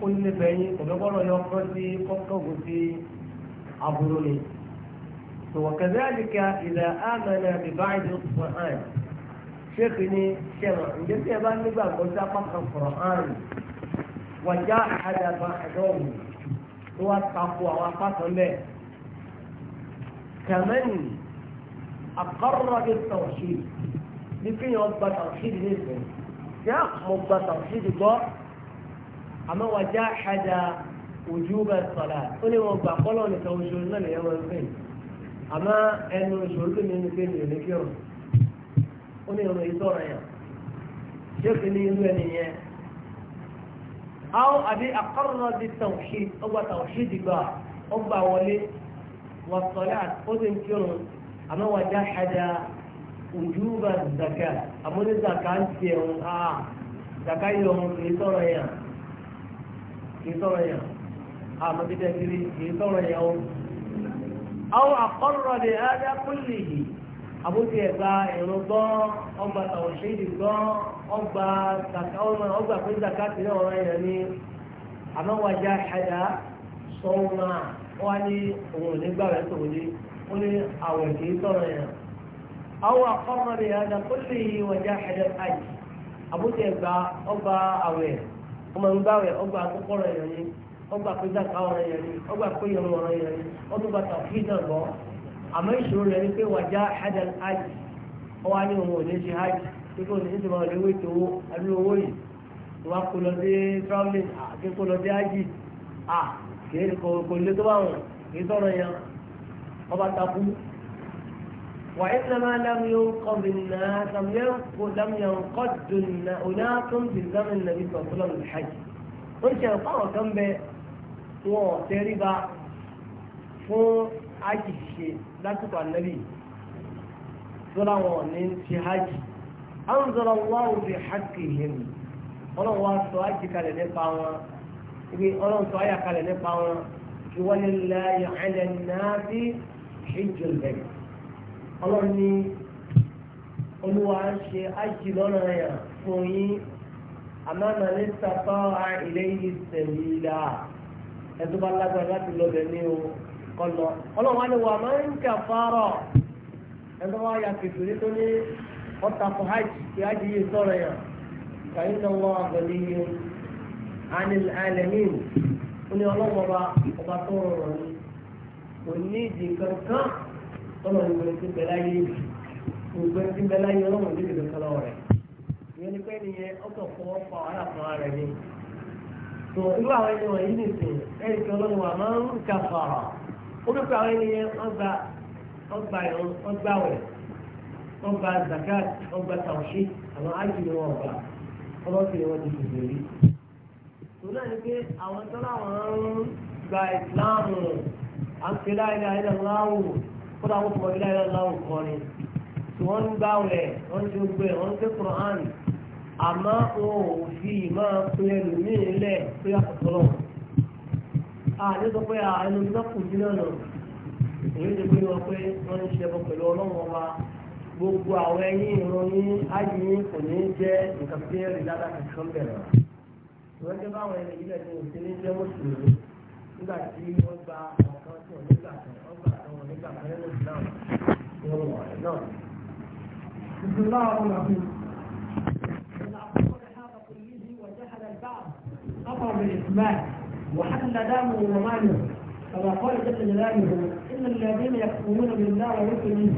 ó nífẹ̀ẹ́ yín kò fẹ́ kọ́rọ̀ yọ kọ́ sí kọ́kọ́gùn ṣéèkì ni ṣẹ̀wọ̀n ǹjẹ́ tí ẹ bá nígbàgbọ́ sí apá kan Kùránì wàjá àdàbà àdọ́wò tó wá tako àwọn apá kan bẹ́ẹ̀. kàmẹ́nì àkọ́rọ̀ ní tàwùsí ní kí yẹn gba tàwùsí ní ìsìn yá mo gba tàwùsí ní gbọ́ àmọ́ wàjá àdà ojú bẹ sọ̀rọ̀ ó ní wọn gbà kọ́lọ́ nìkan oṣù náà lè yẹ wọn fẹ́ àmọ́ ẹnu oṣù olómi ní pé mi ò ní kí ọ̀rọ̀. ó ní ìrun èyí sọ̀rọ̀ yẹn ṣéèkì ní irú ẹni yẹn di tawhid dị zaka zaka zaka àbótí ẹ̀ka ẹ̀rọ gbọ́ ọgbà tàwọ̀ṣẹ́dì gbọ́ ọgbà ọmọ ọgbà pé zakati náà ọ̀rọ̀ ni àmọ́wájà ẹ̀dá sọ́ọ́mà wọ́n á ní òun ò ní gbà rẹ̀ tòun ní ó ní àwọ̀ kì í sọ̀rọ̀ ẹ̀yàn. àwọn akọ́mọ̀ rẹ̀ ẹ̀dá kó lè yí ẹ̀dá ọgbà àwẹ̀ ọmọ ń àmọ́ ìṣòro rẹ̀ ni pé wàjá hadal hajj ó wá ní òun ò ní ṣe hajj pé kò ní ṣe máa lè wé tó ẹnu owó yìí tó bá kó lọ sí traveling àti kó lọ sí hajj à kìí kò lè tó bá wọn kìí sọ̀rọ̀ yẹn ọba takú. وإنما لم ينقض الناس لم ينقض أناس في زمن النبي صلى الله عليه وسلم الحج. قلت يا قارة كم wọn ò tẹríba fún hajj ṣe lásìkò ànábì tó láwọn ní ṣe hajj anzala Allahu fi haqqihim ọlọ́run wá sọ hajj kalẹ̀ nípa wọn ibi ọlọ́run sọ àyà kalẹ̀ nípa wọn kí wọ́n lè la yàrá náà sí hijjul bayt ọlọ́run ní olúwa ṣe hajj lọ́nà yẹn fún yín àmọ́ màlẹ́sà bá wa ilé yìí sẹ̀lí la láti lọ bẹ̀ ní o. kọlọ ọlọ́run wa ní wà máa ń jà fárọ̀ ẹgbẹ́ ya hajj kí hajj yìí sọ̀rọ̀ yàn kàyí náà wọ́n yìí anil alamin ó ní ọlọ́run ọba ọba tó rọrùn ní kò ní ìdí kankan ọlọ́run ìwé ti bẹ̀ láyé ìwé ti bẹ̀ láyé ọlọ́run ní ìdí kankan ìyẹn nìyẹn ọkọ̀ tó irú àwọn ẹni wọ̀nyí nìsín orúkọ àwọn ènìyàn ọgbà ọgbà ẹ̀rọ ọgbà wẹ̀ ọgbà zakat ọgbà tàwùṣe àwọn ájì ni wọn gbà ọlọ́sìn ni wọ́n ti fi bèrè. tó náà ni pé àwọn tó láwọn ń gba ìsìláàmù àǹkẹ́lá ilẹ̀ ayélujára láwù kódà wọ́n fọwọ́ ilẹ̀ ayélujára láwù kọrin tí wọ́n ń gbà wẹ̀ wọ́n ń ṣe gbẹ wọ́n ń ṣe kùrán àmọ́ wọn ò fi ìmọ̀ pé ẹlòmíín lẹ̀ pé àkọ́kọ́ lọ́wọ́ àní ah, sọ pé ah, àìlú sọ́kù sí lọ́nà èyí ti pé wọn pé wọ́n ń ṣẹbọ pẹ̀lú ọlọ́run ọba gbogbo àwọn ẹyin ìran yín ájì kò ní jẹ́ nǹkan tí ẹ rí ládàá kankan bẹ̀rẹ̀ wọ́n jẹ́ báwọn ẹni ìlẹ̀ ní òsì ní jẹ́ mùsùlùmí nígbà tí wọ́n gba ọ̀kan tí wọ́n nígbà kan wọ́n gba àwọn nígbà kan nínú ìsìláàmù ní ọ̀rọ̀ ọ̀rẹ́ náà. ìṣúná àwọn ọ̀nàfin ọ̀nà àkọ́kọ́ وحل دمه وماله كما قال جل جلاله ان الذين يكفرون بالله ورسله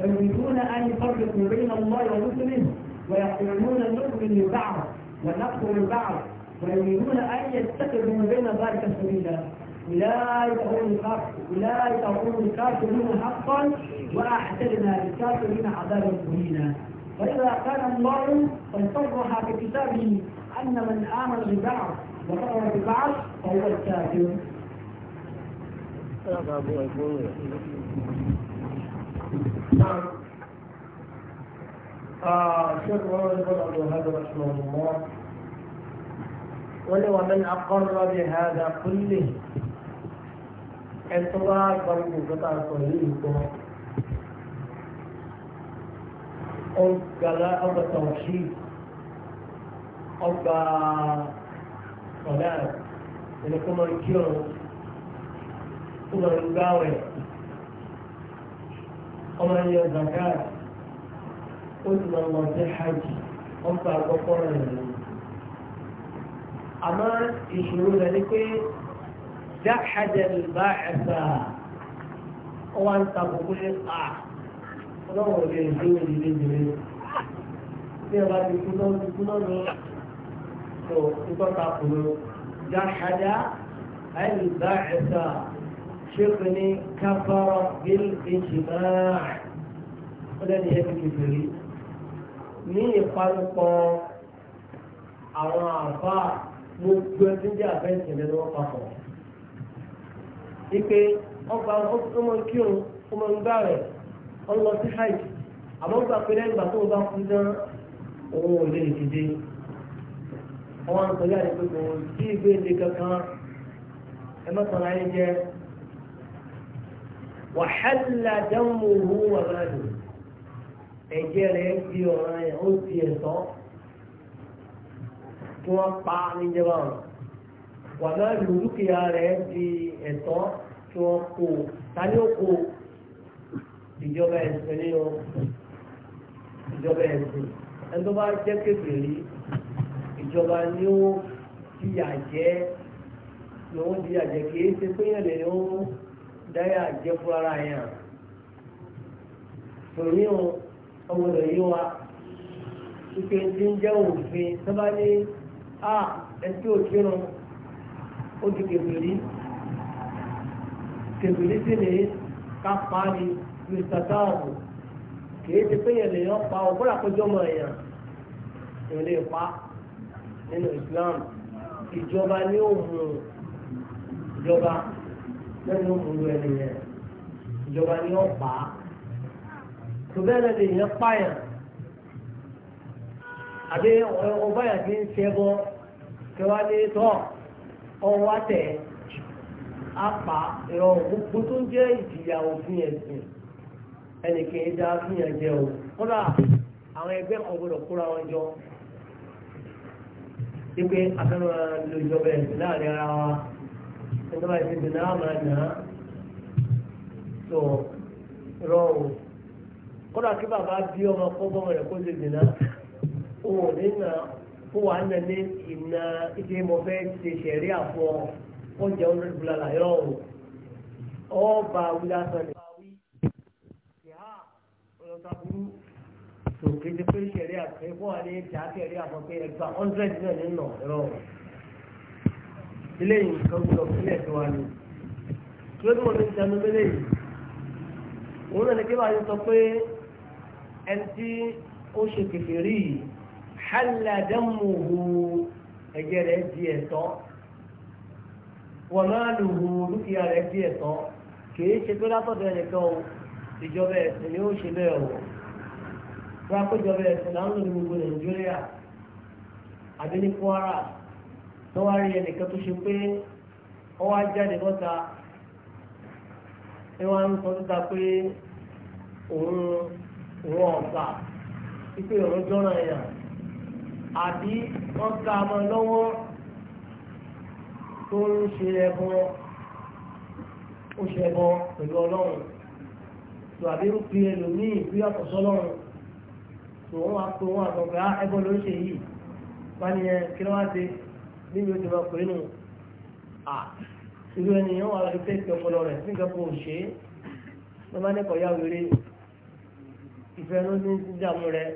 ويريدون ان يفرقوا بين الله ورسله ويقولون نؤمن ببعض ونكفر ببعض ويريدون ان يتخذوا بين ذلك سبيلا اولئك هم اولئك هم الكافرون حقا واعتدنا للكافرين عذابا مهينا فاذا كان الله قد صرح في كتابه ان من امن ببعض وكفر ببعض فهو الكافر نعم الشيخ آه، محمد بن عبد الوهاب رحمه الله ولو من أقر بهذا كله اعتبار برضو قطع صحيحكم أو كلا أو توحيد أو sọ̀dá ẹni kó máa kí ọ̀run kó máa ń gbá wẹ̀ ọmọ ẹni ọ̀gá káà ó sì máa ń lọ sí hajj wọ́n gba àkọ́kọ́ rẹ̀ lọ. àmọ́ ìṣòro rẹ̀ ni pé dáhàjẹ́ lè bá ẹ̀sà ó wá ń ta kókó ní à ọlọ́run ò lè dé òdìdí ìdílé. bí ẹ bá ti kú náà ti kú náà lọ tó nítorí kùnú jáhádá àìbáàṣà ṣéèkì ní káfárọ̀ bíl ìjìmá ó lẹ́nu yẹn ti kékeré ní ìpanupọ̀ àwọn àbá gbogbo ẹtí ń jẹ́ àfẹ́ǹsì lẹ́nu wọn papọ̀ ipe ọba ọmọ kírun ọmọ ń gbà rẹ̀ hajj àmọ́ gbà pé lẹ́yìn ìgbà tó òun ò lè dìde àwọn àǹtọ̀lẹ́ àdìgbò kò sí ìgbéde kankan ẹ má tọ́ra yín jẹ́ wàhálà dánwò owó wà lánàá ẹ̀jẹ̀ rẹ̀ di ọ̀ràn yẹn ó di ẹ̀tọ́ kí wọ́n pa níjẹba wọn wà lánàá dúkìá rẹ̀ di ẹ̀tọ́ kí wọ́n kó tani ó kó ìjọba ẹ̀sìn nínú ìjọba ẹ̀sìn ẹni tó bá jẹ́ kékeré ìjọba ni ó fìyà jẹ ni ó fìyà jẹ kì í ṣe pé yẹn lè ó dáyà jẹ fún ara yẹn torí ọmọ rẹ yí wa ike ti ń jẹ́ òfin sábà ní a ẹtí òkírun ó di kèbìrí kèbìrí sí ni ká pa á ní mr táàbù kì í pé yẹn lè yọ pa ọ bọ́lá kọjọ́ mọ èèyàn èèyàn pa nínú Islam ìjọba ni ó mú ìjọba lẹ́nu ó ẹni yẹn ìjọba ni ó pa á tó bẹ́ẹ̀ náà lè pààyàn àbí ọba yà ti ń ṣe bọ́ kẹwàá lè tọ́ ọwọ́ àtẹ̀ apá ìrọ̀rùn gbogbo tó ń jẹ́ ìjìyà òfin ẹ̀sìn ẹnì kìí dá fìyàn jẹ o kódà àwọn ẹgbẹ́ kan gbọdọ̀ kóra wọn jọ wípé afẹ́mọ́ lo ìjọba ẹ̀sìn láàrin ara wa ẹgbẹ́ bá ti dènà àmà nà á tó rọ o kọ́dà kí bàbá bí ọmọ kọ́gbọ́n rẹ̀ kó lè dènà òun ní nà kó wà á nà ní ìnà ìdí mo fẹ́ ṣe ṣẹ̀rí àfọ oúnjẹ ọ̀rẹ́ ìbúlalà yọ̀ o ọba awúlá sanni. ọ̀rọ̀ tó kéde pé ṣẹ̀rí àtẹ̀kọ́ wà ní ti àkẹ́rí àfọ̀pẹ́ ẹgbà hundred náà nínú ẹ̀rọ ilé yìí nǹkan gbọdọ̀ sílẹ̀ tó wà ní. tí ó dùn mí jẹun mélé yìí òun náà ní kí báyìí sọ pé ẹni tí ó ṣe kẹfẹ́ rí yìí hàlàdàmùhù ẹ̀jẹ̀ rẹ̀ di ẹ̀tọ́ wọ́n máa lù hù dúkìá rẹ̀ di ẹ̀tọ́ kì í ṣe pé látọ̀dọ̀ ẹnìkan bá péjọba ẹ̀sìn náà ń lò ní gbogbo nàìjíríà àbí ní kwara tó wá rí ẹnìkan tó ṣe pé ó wá jáde bọ́ta ẹ wá ń sọ síta pé òun òun ọ̀gbà ipe òun jọ́ràn yàn àbí wọ́n ká a mọ́ lọ́wọ́ tó ń ṣe ẹbọ ó ṣe ẹbọ pẹ̀lú ọlọ́run tó àbí ń pe ẹlòmíì bí ọ̀pọ̀ sọ́lọ́run wọ́n wá pé wọ́n ah, àgbọ̀gbà ẹbọ ló ń ṣe yìí wọ́n ní ẹ kí ló wá dé níbi ó ti máa pè é nù à irú ẹni yẹn wà lórí pẹ́ẹ́kì ọpọlọ rẹ̀ sí nǹkan kan ṣe é ló bá ní kọ̀yà wéré ìfẹ́ ló ní dààmú rẹ̀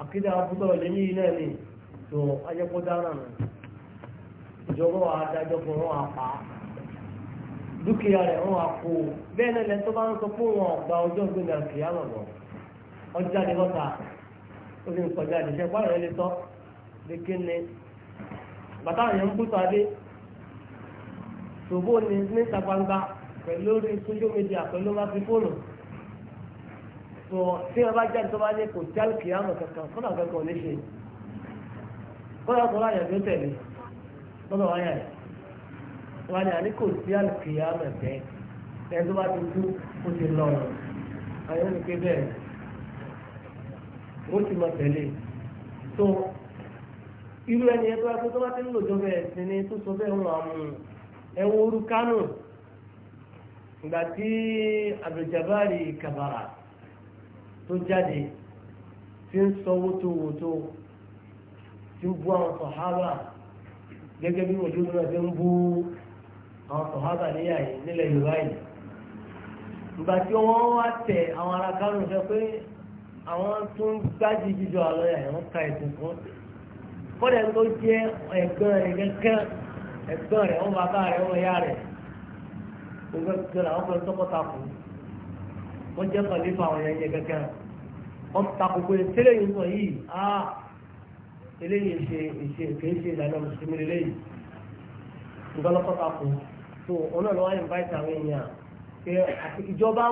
àkídà àbútọ̀ lẹ́yìn yìí náà ni tó ajẹ́pọ̀ dára nù ìjọba wa adájọ́ fún wọn àpá dúkìá rẹ̀ wọn àpò bẹ́ẹ̀ náà lẹ́tọ́ bá ń sọ fún orí nkọjá àdìsẹ́ pààrọ̀ ẹ̀ lè tọ́ bí kí ni bàtà yẹn ń bùtọ̀ adé ṣòbó ni níta gbangba pẹ̀lú orí social media pẹ̀lú mákífóònù tó tí wọn bá jáde tó bá ní kò tí àlùkì àmọ̀ kankan fúnà kankan ò ní ṣe kódà tó láyà tó tẹ̀lé lọ́dọ̀ wáyà rẹ̀ wọn ni àní kò tí àlùkì àmọ̀ bẹ́ẹ̀ ẹ̀ tó bá ti kú ó ti lọ́rùn àyẹ̀wò ni pé wọ́n ti máa tẹ̀lé tó irú ẹni ẹgbẹ́ akó tó bá ti ń lò jọba ẹ̀sìn ni tó sọ bẹ́ẹ̀ wọn àmú ẹ̀wọ̀n orú kánò ìgbà tí Abdul-Jabari Kabara tó jáde ti ń sọ wótòwótò ti ń bu àwọn sọ̀hábà gẹ́gẹ́ bí wọ́n dúró náà ti ń bu àwọn sọ̀hábà níyà nílẹ̀ Yorùbá yìí ìgbà tí wọ́n wá tẹ̀ àwọn ará kánò sọ pé. àwọn tó ń gbájú jíjọ àlọ́ yà wọ́n ka ẹ̀sùn kan kọ́dà tó jẹ́ ẹ̀gbọ́n rẹ̀ kankan ẹ̀gbọ́n rẹ̀ wọ́n bàbá rẹ̀ wọ́n yá rẹ̀ gbogbo ẹ̀gbọ́n àwọn fẹ́ tọ́kọ́ta kù wọ́n jẹ́ kọ̀lífà àwọn yẹn kankan wọ́n takò pé tẹ́lẹ̀ yìí wọ̀ yìí á ṣe kìí ṣe mùsùlùmí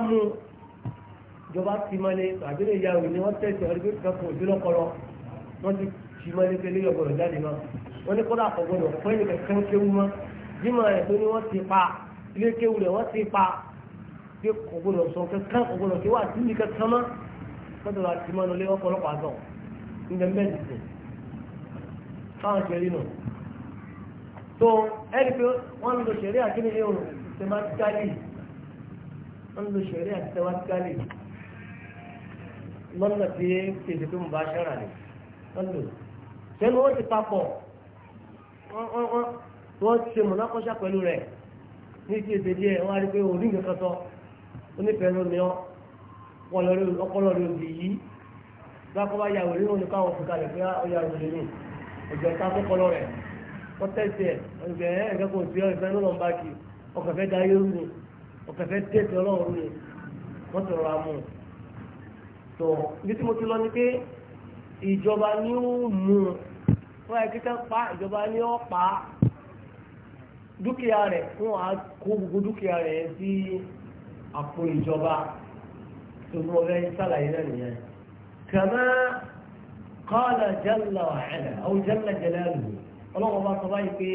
kù tó ìjọba ti mọ́lé àbílẹ̀ ìyá òní wọ́n tẹ̀sí ọdún tó kàn fún òjú lọ́kọ́lọ́ wọ́n ti ti mọ́lé pé léyọ̀ gbọ́dọ̀ jáde mọ́ wọ́n ní kọ́dà kọ̀ gbọ́dọ̀ fún ẹni kẹ̀kẹ́ kéwu mọ́ jímọ̀ rẹ̀ tó ní wọ́n ti pa ilé kéwu rẹ̀ wọ́n ti pa pé kọ̀ gbọ́dọ̀ sọ kẹ́kẹ́ kọ̀ gbọ́dọ̀ kí wà á tìlí kẹ́kẹ́ mọ́ kọ́dọ̀ àti mọ́nu lé ọ̀pọ̀lọpọ̀ àtọ̀ ilẹ̀ mẹ́tìtì fáwọn lọ́nà tí kejì tó ń bá ṣẹ́ra ni wọ́n lò sẹ́nu wọ́n ti papọ̀ wọ́n ṣe mọ̀nàkọ́ṣà pẹ̀lú rẹ̀ ní kí èdè díẹ̀ wọ́n á rí pé òní nǹkan sọ onífẹ̀ẹ́ ló ní ọ́ ọpọlọ rẹ̀ òbí yìí bákan bá yàwó rí òní káwọn ah, fún kalẹ̀ pé ó yà òní nù ọ̀gbẹ́ ta fọ́pọlọ rẹ̀ wọ́n tẹ̀sí ẹ̀ ọ̀gbẹ́ ẹ̀kẹ́ kò sí ọ̀gbẹ́ ló lọ́n bá kì tó ibi tí mo ti lọ ni pé ìjọba ni ó mú wọn ẹ kíkẹ́ pa ìjọba ni ó pa dúkìá rẹ̀ fún àkó gbogbo dúkìá rẹ̀ sí àpò ìjọba tó ní ọ̀rẹ́ sàlàyé náà nìyẹn. kàmá qala jalla wa ala aw jalla jalaluhu ọlọ́wọ́ bá sọ báyìí pé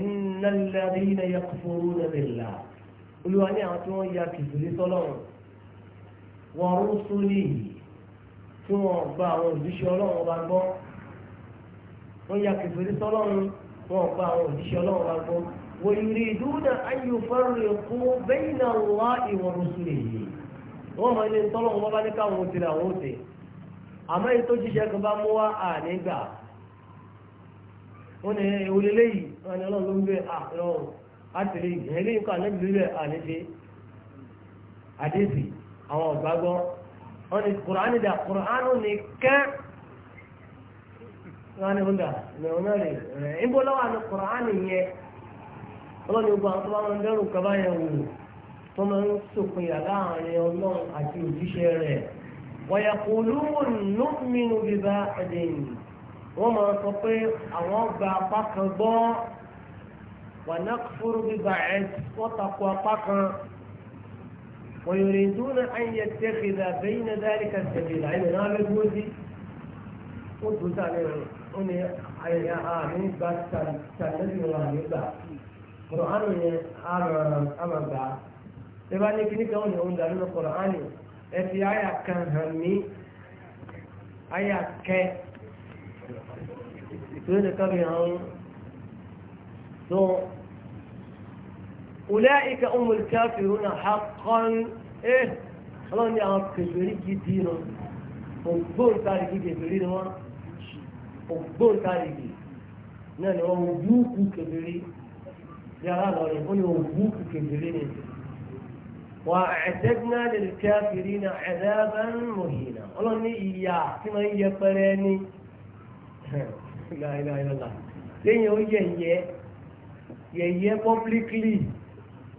innal ladhina yakfuruna billah olúwa ní àwọn tí wọ́n ya kìfìrí sọ́lọ́run ورسله tí wọ́n gba àwọn òjíṣẹ́ ọlọ́run ọba gbọ́ wọ́n ya kẹfìrí sọlọ́run wọ́n gba àwọn òjíṣẹ́ ọlọ́run ọba gbọ́ wọ́n yìí dúdà ayò fẹ́rẹ̀ kú bẹ́yìn náà wá ìwọ̀n rúṣùlẹ̀ yìí wọ́n mọ ilé sọlọ́run ní káwọn òtí làwọn òtí àmọ́ èyí tó jíṣẹ́ kan bá mú wá àní gbà wọ́n ní ìwòlélẹ́ yìí wọ́n ní ọlọ́run ló ń gbé àwọn ọ̀gbá gbọ́ wọ́n ní kùránì dà kùránù ní kẹ́ wọ́n ní húndà lẹ́wọ̀n náà rè é ń bọ́ lọ́wọ́ àná kùránì yẹn ọlọ́run ní gbogbo àwọn tó bá wọn dẹ́rù kaba yẹn wò tó máa ń sọ ويريدون أن يتخذ بين ذلك السبيل عين نام بوزي قلت تعالى أني يا آمين بس تنزل الله يبقى قرآن أمر بعد إبقى نكني كوني أندر القرآن في آية كان همي آية ك تقول كبيرا هون أولئك هم الكافرون حقا إيه ọlọ́run ní àwọn kèfèrí gidi nù ògbóǹtarìgì kèfèrí ni wọ́n ògbóǹtarìgì náà ni wọ́n ògbúùkù kèfèrí bí ara lọ́rẹ̀ ó ní ògbúùkù kèfèrí ni wà ẹ̀ẹ́dẹ́gbẹ́nà lè kèfèrí na ẹ̀ẹ́dẹ́gbẹ́ ń mọ̀hìnà ọlọ́run ní ìyá tí wọ́n ń yẹpẹrẹ ní lẹ́yìn ó yẹ̀yẹ́ yẹ̀yẹ́ publicly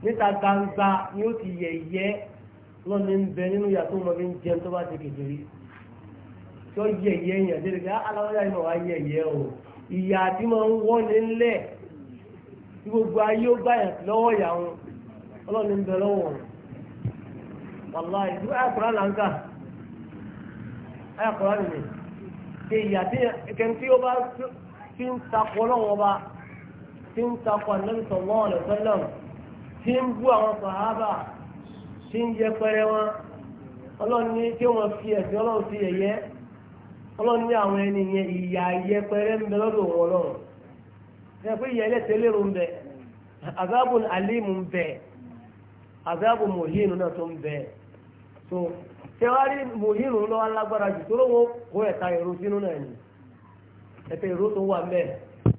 níta gbangba ni ó ti yẹ̀yẹ́ lọ́nà ń bẹ nínú ìyà tó mọ̀ fi ń jẹun tó bá ti kèké rí tó yẹ̀yẹ́ yẹn dédé ká aláwọ̀dá yìí mọ̀ wá yẹ̀yẹ́ o ìyà tí mo ń wọ́n ní ńlẹ̀ tí gbogbo ayé ó bá yẹn lọ́wọ́ ìyà wọn ọlọ́ni ń bẹ lọ́wọ́ wàláì ìdúrà àkùrá là ń nìyẹn ṣe ìyà tí ẹkẹni tí ó bá ti ń takọ ọlọ́wọ́ ọba ti ń takọ ànábìsọ̀ mọ́ tí ń bú àwọn sàhábà tí ń yẹpẹrẹ wọn ọlọ́run ní kí wọ́n fi ẹ̀sìn ọlọ́run sí ẹ̀yẹ ọlọ́run ní àwọn ẹni yẹn ìyà yẹpẹrẹ ń bẹ lọ́dọ̀ wọn pé lérò azabu alimu ń bẹ azabu náà tó ń so tẹwárí lọ́wọ́ alágbára jù tó kó ẹ̀ta sínú náà ni ẹ̀ta tó wà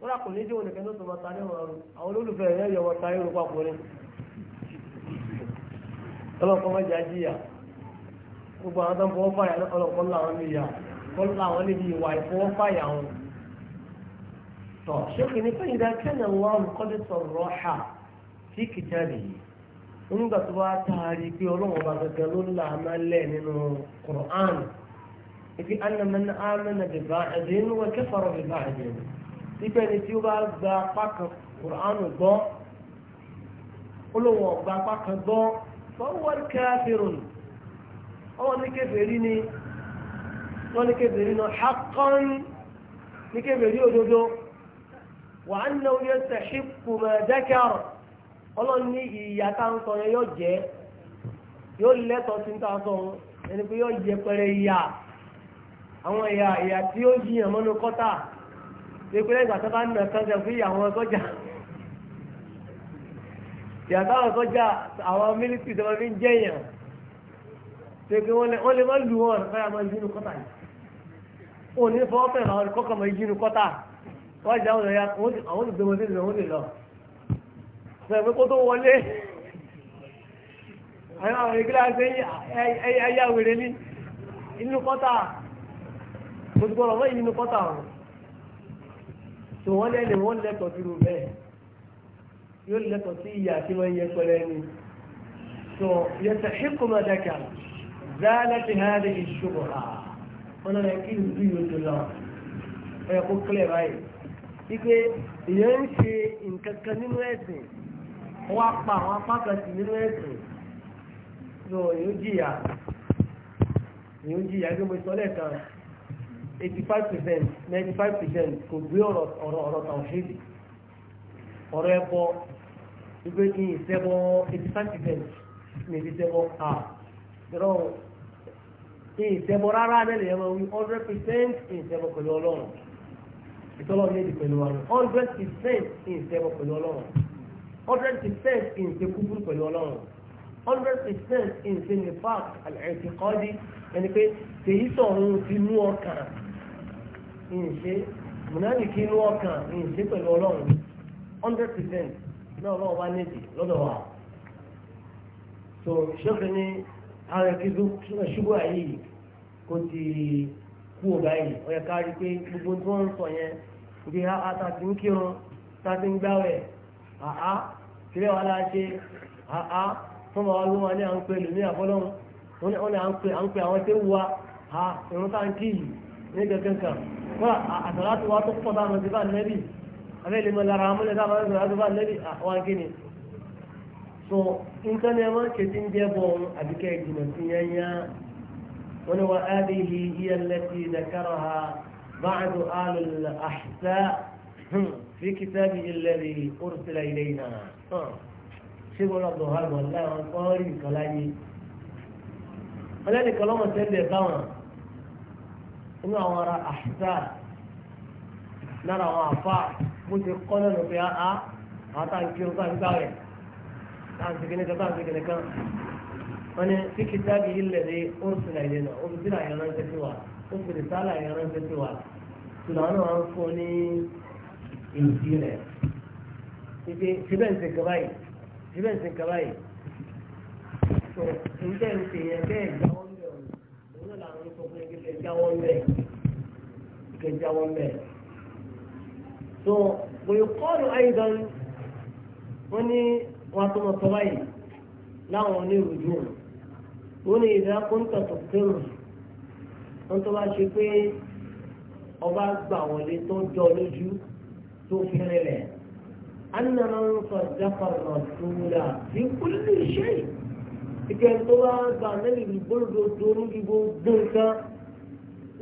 lọ́la kò ní jẹ́ òun nìkan ló tó máa ta ní ọ̀rọ̀ àwọn olólùfẹ́ rẹ̀ yọ wọ́n ta ẹrù papọ̀ ni ọlọ́kọ́ mẹ́jà jìyà gbogbo àwọn tó ń fọwọ́ fàyà ọlọ́kọ́ làwọn lè yà kọ́ làwọn lè fi ìwà ìfọwọ́ fàyà wọn. tọ́ ṣé kìíní fẹ́yìn dá kẹ́nà wọn kọ́lé sọ̀rọ̀ ha sí kìjáde nígbà tó bá taari pé ọlọ́wọ́ bá gẹ́gẹ́ ló là lẹ̀ nínú Qur'an ìfi anamẹ́ni amẹ́nà bíbá ẹ̀dín wọ́n kẹfàrọ̀ bíbá ẹ̀dín. ibẹ̀ ni tí ó bá gba apá kan kùránù gbọ́ ó lóun ọ̀gba apá kan gbọ́ fọwọ́n kẹ́rẹ́fẹ́rò nù ọwọ́ ní kébèrè ni wọ́n ní kébèrè náà haqqan ní kébèrè òdodo wà á ọlọ́run ní ìyá táwọn sọ yóò jẹ́ yóò lẹ́tọ̀ọ́ sí sọ ẹni pé yóò ìyá àwọn ìyá ìyá tí ó yíyan mọ́nú kọ́tà. ìpínlẹ̀ ìgbà tó bá ń nà kan jẹ fún ìyàwó sọ́jà ìyàtọ̀ àwọn sọ́jà àwọn mílítì tó bá fi ń jẹ́yàn tó pé wọ́n lè má lù wọ́n ọ̀rọ̀ fẹ́ra máa yínú kọ́tà yìí ò ní fọwọ́ fẹ́ra ọ̀rọ̀ kọ́kọ́ máa yínú kọ́tà wọ́n jẹ́ àwọn ọ̀rọ̀ ya àwọn olùgbé wọn sílẹ̀ wọ́n lè lọ sọ pé kó tó wọlé àwọn ìgbéláṣẹ́ ẹ̀yà wèrè ní inú kọ́tà mo ti gbọ́dọ̀ mọ́ ìyínú kọ́tà ọ̀rọ̀ tí wọ́n lẹ́nu wọ́n lẹ́tọ̀ọ́ dúró bẹ́ẹ̀ yóò lẹ́tọ̀ọ́ sí ìyá tí wọ́n yẹ pẹ́lẹ́ ni tó yẹtẹ̀ ṣíkùmọ̀ dẹ́kà zálẹ́tì ha lè ṣubú ha wọn lọ kí n bí yòó tó lọ yóò jìyà yóò jìyà gbé mo sọ 85 percent ninety percent kò gbé ọ̀rọ̀ ọ̀rọ̀ ọ̀rọ̀ tàwọ̀ṣẹ́dì ọ̀rọ̀ ẹ̀bọ wípé kí n ṣẹbọ eighty five percent ní ti ṣẹbọ à ìrọ̀ kí n ṣẹbọ rárá lẹ́nu ẹ̀rọ wí percent kí n ṣẹbọ pẹ̀lú ọlọ́run ìtọ́lọ́ ní èdè pẹ̀lú ọlọ́run hundred percent kí n ṣẹbọ pẹ̀lú ọlọ́run hundred percent kí n ṣe kúkúrú pẹ̀lú ọlọ́run hundred percent kí n ṣe nípa àlẹ́ ẹ̀ẹ́dì kọ́ọ́dì ẹni pé tèyí sọ̀rọ̀ ti mú ọkàn ìṣe mùnàlìkì inú ọkàn ìṣe pẹ̀lú ọlọ́run hundred percent iná ọlọ́run wá níbi lọ́dọ̀ wa so ṣọ́kì ní ara kìdú ṣubú ayé yìí kò ti kú ọ̀gá yìí ó yẹ ká rí pé gbogbo tí wọ́n ń sọ yẹn ibi ata ti ń kírun ta ti ń gbáwẹ̀ àá kílẹ̀ wà láà ṣe àá fún bàbá ló wọn ní à ń pè lómi àfọlọ́hún wọn ní à ń pè àwọn tẹ́wù wa àá ìrún tá ń kí yìí ní kankan kan kọ́ra àtàlátì wa tó pọ̀ dáhùn sí bá nẹ́bí abẹ́lé mọ́ lára àwọn mọ́lẹ̀ dáhùn sí bá nẹ́bí àwọn akéde so nǹkan ní ẹ máa ń ṣe tí ń jẹ́ bọ̀ ọ̀hún àbíkẹ́ ìjìnà sí yányá wọ́n ní wa ádìhì alul ahsa hmm, fi kitabihi alladhi ursila ilayna ṣé wọ́n lọ́dọ̀ hàn wọ́n láwọn kọ́ọ́rì nǹkan láyé ọlẹ́nìkan lọ́mọ inú àwọn ará àṣìṣà lára àwọn àfa bó ṣe kọ́ lẹ́nu pé á ah, ah, àwọn tá à ń kírun tá à ń gbà rẹ̀ tá à ń segin nìkan tá à ń segin nìkan wọ́n ní tí kìtàbí ilẹ̀ dé ó ń sinà ilé náà ó ń sinà ìyànà ń tẹ́tí wa ó ń sinà sálà ìyànà ń tẹ́tí wa tùlọ̀ náà ń fún ní ìdí rẹ̀ ìpè síbẹ̀ ń sin kaba síbẹ̀ ń sin kaba tó ń tẹ̀ ń sèyàn bẹ́ẹ̀ gbà jáwọ́ mẹ́ ike jáwọ́ mẹ́. tó wòlùkọ́ọ̀lù ayélujára wọ́n ní wọ́n tó mọ̀ sọ́wọ́ yìí láwọn onírúurú wọ́n ní ìdá kóńtà tó kérò wọ́n tó bá ṣe pé ọba gbà wọlé tó ń jọ lójú tó fi rẹlẹ̀ anana ń jáfàrà tóra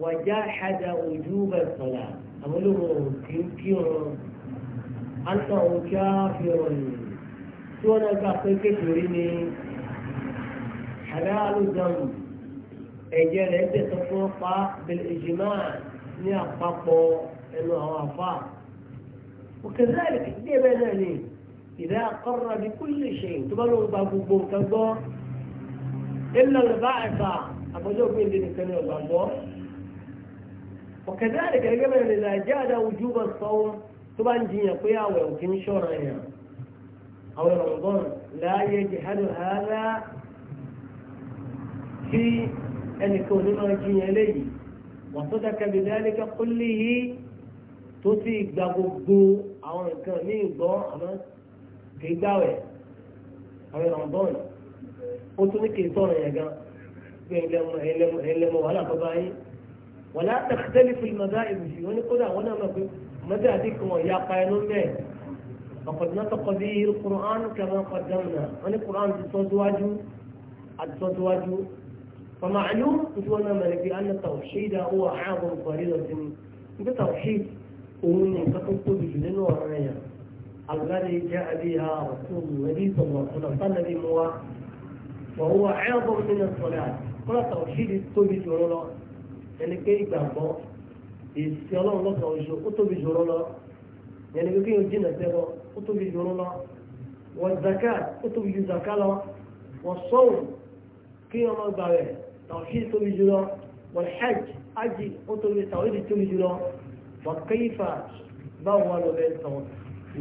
وجاحد وجوب الصلاة أقوله ينكر أنه كافر سوى كافر كثيرني حلال ذنب أجل عدة فوق بالإجماع نعقق أنه وفاء وكذلك بيبناني إذا أقر بكل شيء تبلغ باب بوكبه إلا البعثة أبو جوب من ذلك الكلام وكذلك الجبل إذا جاد وجوب الصوم تبنجي يقيا ويمكن شرعيا أو رمضان لا يجهل هذا في أن يكون راجي إليه وصدك بذلك كله تسيق دابو أو كمي ضو أما كي داوي أو رمضان قلت لك يصور يا جماعة إلا إلا إلا ولا تبعي ولا تختلف المذاهب فيه ونقول وانا مذاهبكم يا قانون به فقد نطق به القرآن كما قدمنا وانا القرآن تتزواجه واجو فمعلوم تتوانا ملكي أن التوحيد هو أعظم فريضة أنت توحيد ومن تقول بجنين ورعية الذي جاء بها رسول النبي صلى الله عليه وسلم صلى وهو أعظم من الصلاة قال توحيد التوبة ẹni pé ìgbàgbọ́ èsì ọlọ́run lọ́sàn oṣù ó tóbi jòrò lọ ẹni pé kéèyàn jìnà sẹ́wọ́ ó tóbi jòrò lọ wọ́n zaka ó tóbi ju zaka lọ wọ́n sọ́wọ́ kéèyàn máa gbà rẹ̀ tawhid tóbi jù wọ́n hajj hajj ó tóbi tawhid tóbi jù wọ́n kaifa báwo wà lọ bẹ́ẹ̀ sọ̀rọ̀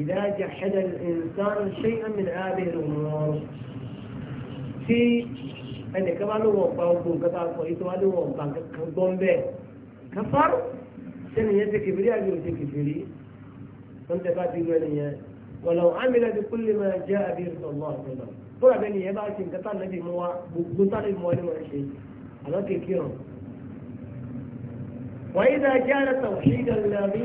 إذا جحد الإنسان شيئا من هذه الأمور في ẹnìkan bá ló wọ̀n pa ogun nǹkan bá kọ ìtọ́ wá ló wọ̀n pa nǹkan gbọ́ ń bẹ́ẹ̀ káfáró sẹ́ni yẹn ti kìfìrí àbí òsè kìfìrí wọ́n tẹ́ bá ti rú ẹni yẹn wọ́n lọ amílẹ̀ ti kúlẹ̀ máa jẹ́ àbí ìrìnsọ̀lọ́ àtọ́lọ́ fúnra bẹ́ẹ̀ ni yẹn bá ti nǹkan tánà bí mo wá gbogbo tánà bí mo wá ní máa ṣe àlọ́ kéèké hàn. wọ́n yí dáa jẹ́ àrẹ tàwùsídà lárí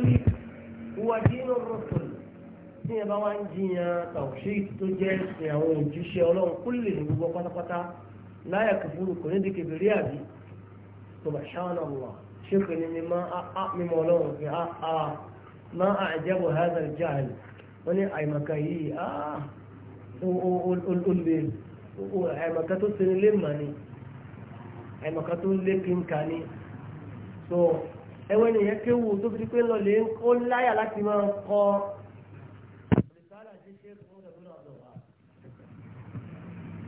wà láyà kẹfùrù kò ní di kẹfìrí àbí subhanallah ṣéèkì ni mímọ ọlọ́run fi á á má a àjẹbọ hadha al-jahl wọn ní àìmọ̀kà yìí á olè àìmọ̀kà tó sinmi lé mà ni àìmọ̀kà tó lé kínkà ni so ẹwẹ́ nìyẹn kéwù tó fi di pé lọ lè ó láyà láti máa kọ́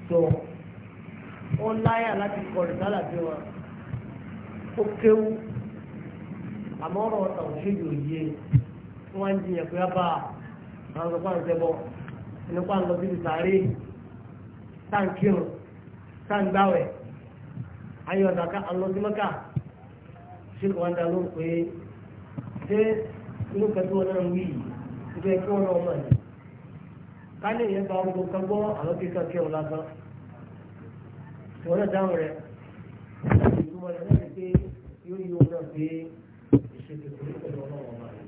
so wọ́n láyà láti kọ ìsálà bí a ó kéwú àmọ́ ọ̀rọ̀ ọ̀tà òṣèlú òye wọ́n ń jiyàn pé bá àwọn ọ̀pá ń tẹ́bọ̀ ẹni pa ń lọ sí ìsàárè táǹkìrùn táǹgbáwẹ̀ ayọ̀ ọ̀dàká àlọ́símọ́kà ṣé kò wá dá ló ń pè é ṣé inú kẹtù wọn náà ń wí yìí kí wọn náà ká lè yẹ gbọ́ àlọ́ lásán. ìwọ́n náà dáhùn rẹ̀ láti ìdúmọ̀ rẹ̀ láti pé yóò yí òun náà pé ìṣètò ìlú pẹ̀lú ọlọ́wọ́ ọba rẹ̀.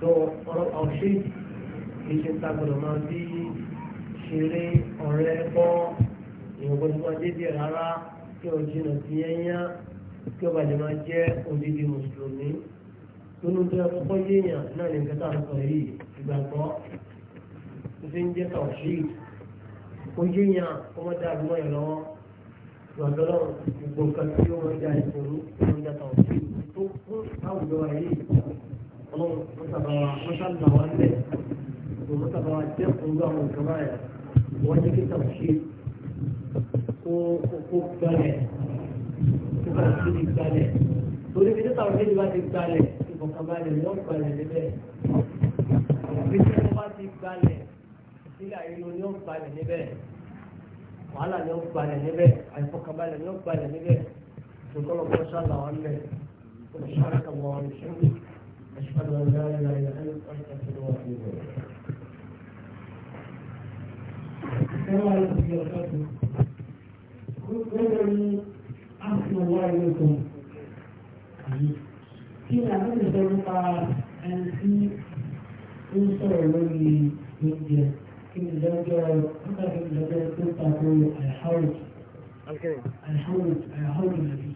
tó ọ̀rọ̀ ọ̀ṣẹ́ kì í ṣe ta gbọ́dọ̀ máa bí ṣeré ọ̀rẹ́ ẹ̀kọ́ ìwọ̀gbọ̀dúnmọ́dé díẹ̀ rárá kí o jìnà sí ẹ̀yà kí o bá lè máa jẹ́ odidi mùsùlùmí. nínú tó yẹ kọ́kọ́ yéèyàn náà ní nǹkan tá à ń sọ yìí ìgbàgbọ́ tó fi ń jẹ́ tọ̀ṣíìtì ojú yàn ọmọ dá àdúgbò yẹn lọ́wọ́ lọ́dọ́lọ́ gbogbo nǹkan tí ó máa ń da ìṣòro tó ń dàtà òfin tó kún àwùjọ wa yìí ọlọ́run mọ́tàbáwa mọ́tàbáwa ń bẹ̀ tó mọ́tàbáwa jẹ́ òru àwọn nǹkan báyà wọ́n ní kí tàbí kó kó gbalẹ̀ kó bá ti di gbalẹ̀ torí bí tàbí kí bá ti gbalẹ̀ ìfọ̀kànbalẹ̀ yọ̀ gbalẹ̀ níbẹ̀ bí tàbí bá ti gbalẹ̀. sílẹ̀ àyínú ni ó ń balẹ̀ níbẹ̀ wàhálà ni ó ń balẹ̀ níbẹ̀ àìfọkànbalẹ̀ ni ó ń balẹ̀ níbẹ̀ ṣùgbọ́n ọ̀pọ̀ sálà wọn lẹ̀ olùsọ̀rọ̀ kan wọn ṣẹ́yìn aṣọ́nà ìlànà ìlànà ìlànà Kí ni àkókò ìṣòro pa ẹni tí ó ń sọ̀rọ̀ lórí oúnjẹ? kí ni lọ́jọ́ nígbà tí mo lọ́jọ́ tó tako alhaud alhaud alhaud nàbí.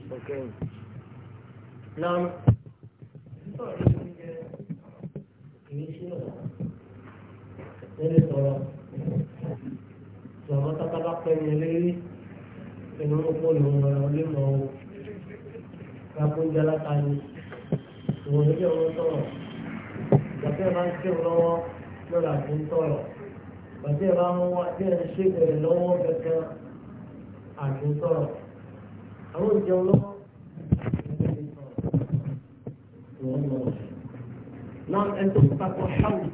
Nam. Ẹni sọ̀rọ̀ sọ̀rọ̀ tábàbà pẹ̀lú lérí inú ọkọ̀ ló ń rọra lé mọ́ o. Kápóńjẹ́ látàrí ìwọ̀n lójú ọ̀rọ̀ sọ̀rọ̀. Ìgbà tí ẹ máa ń kírun lọ́wọ́ lọ́la tó ń pàtí ẹ̀rọ àwọn wa tí ẹ̀ ń ṣe bẹ̀rẹ̀ lọ́wọ́ kankan àti sọ̀rọ̀ àwọn ìjẹun lọ́wọ́ náà ẹ̀ tó takò ṣáwù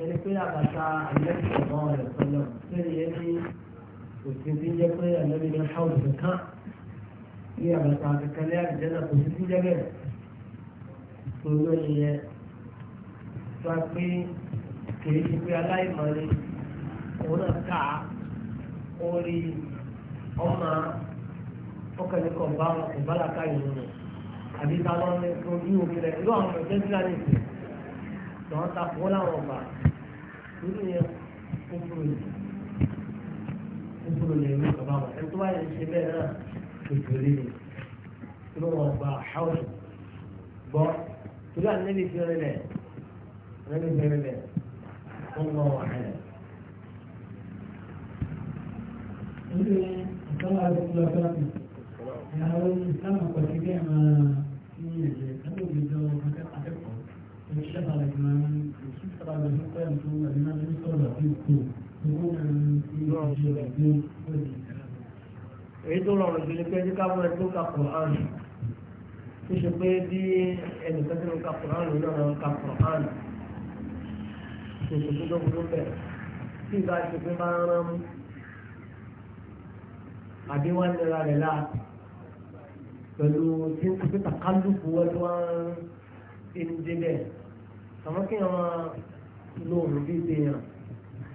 ẹni pé àbàtà àlẹ́sẹ̀ náà rẹ̀ sọ́nà lórí ẹni òsì tí ń jẹ́ pé àlẹ́bí ní ṣáwù kankan ní àbàtà kankan lẹ́yìn àjẹ́nà kò sí sí jẹ́ bẹ́ẹ̀ tó lóye yẹ tó a pé kìí ṣe pé aláìmọ̀ ni òun náà ká orí ọmọ ọkàn ní kọ̀ọ̀bá ọ̀bálà ká ìlú rẹ̀ àbí ká lọ́ọ́ ní ojú omi rẹ̀ irú àwọn ọ̀jẹ́ sílá ní ìsìn lọ́wọ́ ta fún láwọn ọ̀gbà nínú yẹn ó fúru ní ó ní ìlú wọn ẹni tó wáyé ṣe bẹ́ẹ̀ náà kékeré ni inú wọn gba àwòrán gbọ́ torí àná níbi ìfẹ́ rẹ̀ rẹ̀ níbi ìfẹ́ rẹ̀ rẹ̀ ó ń lọ́wọ́ àyẹ̀. Ini kalau ada pula berarti. Kalau sama pasti dia ini aja. Kalau video macam ada pun. Insya Allah memang kita pada kita yang tu ada nama ini tu lah itu. Bukan video video. Itu lorong jadi kerja kamu itu kapuran. Bisa pergi educasi kapuran, orang kapuran. Sesuatu tu belum ber. Tiga itu memang àbí wọ́n ń lera rẹ̀ láà pẹ̀lú tí kò sí tàkálùkù wọ́n tí wọ́n ń débẹ̀ àmọ́ kí wọ́n lo òrùn bíi tèèyàn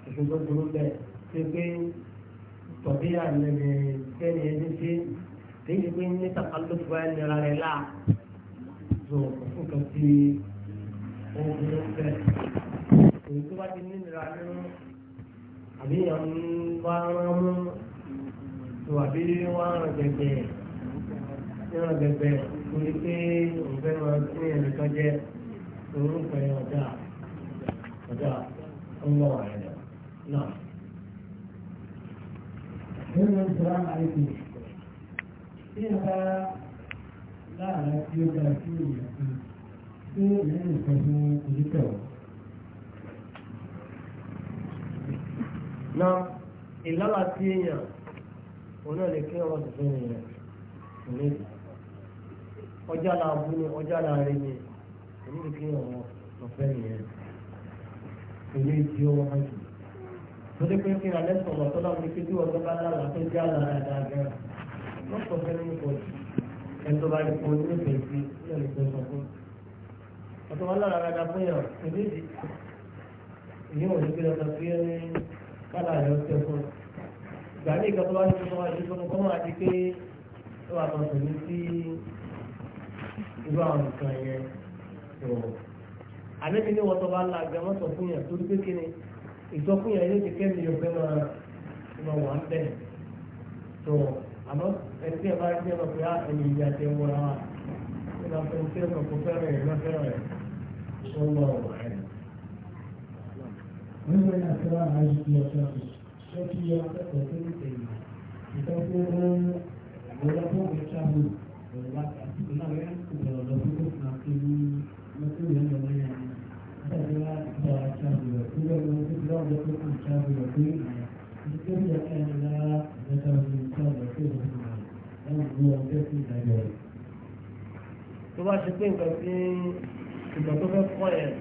ìṣòro burú bẹ́ẹ̀ ṣe pé tọ̀bí àlẹ́lẹ́ bẹ́ẹ̀ni ẹni ṣe kì í ṣe pé ní tàkálùkù wọ́n lera rẹ̀ láà tó fún kan sí ohun burú bẹ́ẹ̀ èyí bá ti ní ìlera nínú àbí ìyàwó ń bá rán mú tó àbí wọ́n á ràn gẹ̀gẹ̀ ràn gẹ̀gẹ̀ torí pé òun fẹ́ máa tún ẹnìkan jẹ́ òun pẹ̀ ọ̀dà ọ̀dà ọmọ rẹ̀ náà. Hello, salam alaikum. Ṣé ọba láàrin tí ó ga sí ìyẹn kan tí ìyẹn nìkan fún onítẹ̀wọ̀? Náà, ìlọ́la tí èèyàn òun náà lè kí ọ̀rọ̀ tuntun nìyẹn òní ọjà náà bú ni ọjà náà rí ni òní lè kí ọ̀rọ̀ ọ̀fẹ́ nìyẹn òní tí ó wá jù lórí pé kí alẹ́ sọ̀rọ̀ tó láwọn ike tí ọjọ́ bá dára tó já lára dáadáa wọ́n sọ fẹ́ nínú pọ̀ jù ẹ̀tọ́ bá lè pọ̀ nínú ìfẹ́ sí ìfẹ́ sọ fún ọ̀tọ̀ wọn lára dáadáa fún yàn òní ìdí ìyẹn ìgbà ní ìgbà tó bá ní kí wọ́n ṣe fún kọ́mọ́ àti pé ó wà kan tòun sí irú àwọn nǹkan yẹn tó àlébí ní wọ́tọ̀ bá ń la àgbẹ̀mọ́ sọ fún yàn torí pé kí ni ìsọfún yàn yóò ti kẹ́mi yóò fẹ́ máa máa wà ń bẹ̀ tó àmọ́ ẹni tí ẹ bá rí ẹ̀rọ pé ah, ẹni ìyá tẹ ń wọra wa ó máa fẹ́ tí ẹ̀rọ kò fẹ́ràn ẹ̀ lọ́fẹ́ràn ẹ̀ ó ń lọ ọ̀rọ̀ ẹ̀. Wọ́n yóò yà sọ́ra àìsí ọ̀sán ṣé kí akẹ́kọ̀ọ́ tó ń tẹ̀lé ìtọ́ tó ń wọlé tó ń ṣàbò ọ̀la àti ìlànà kò bẹ̀rẹ̀ lọ sí ọ̀sán àti ní mẹ́tò yẹn lọ lẹ́yìn àná àtàkùn láti gba ṣàbò rẹ̀ tó bẹ̀rẹ̀ lọ sí ọ̀dọ́ tó ń ṣàbò rẹ̀ tó ń rìn nítorí ẹ̀ka ẹ̀ lára ìjọba ọ̀sán ìṣàbò tó ń rìn láwọn ìlú ọ̀dọ́ tó ń dàgbà rẹ̀. tó bá ṣe pé nǹkan tí ìgbà tó fẹ́ kọ́ yẹn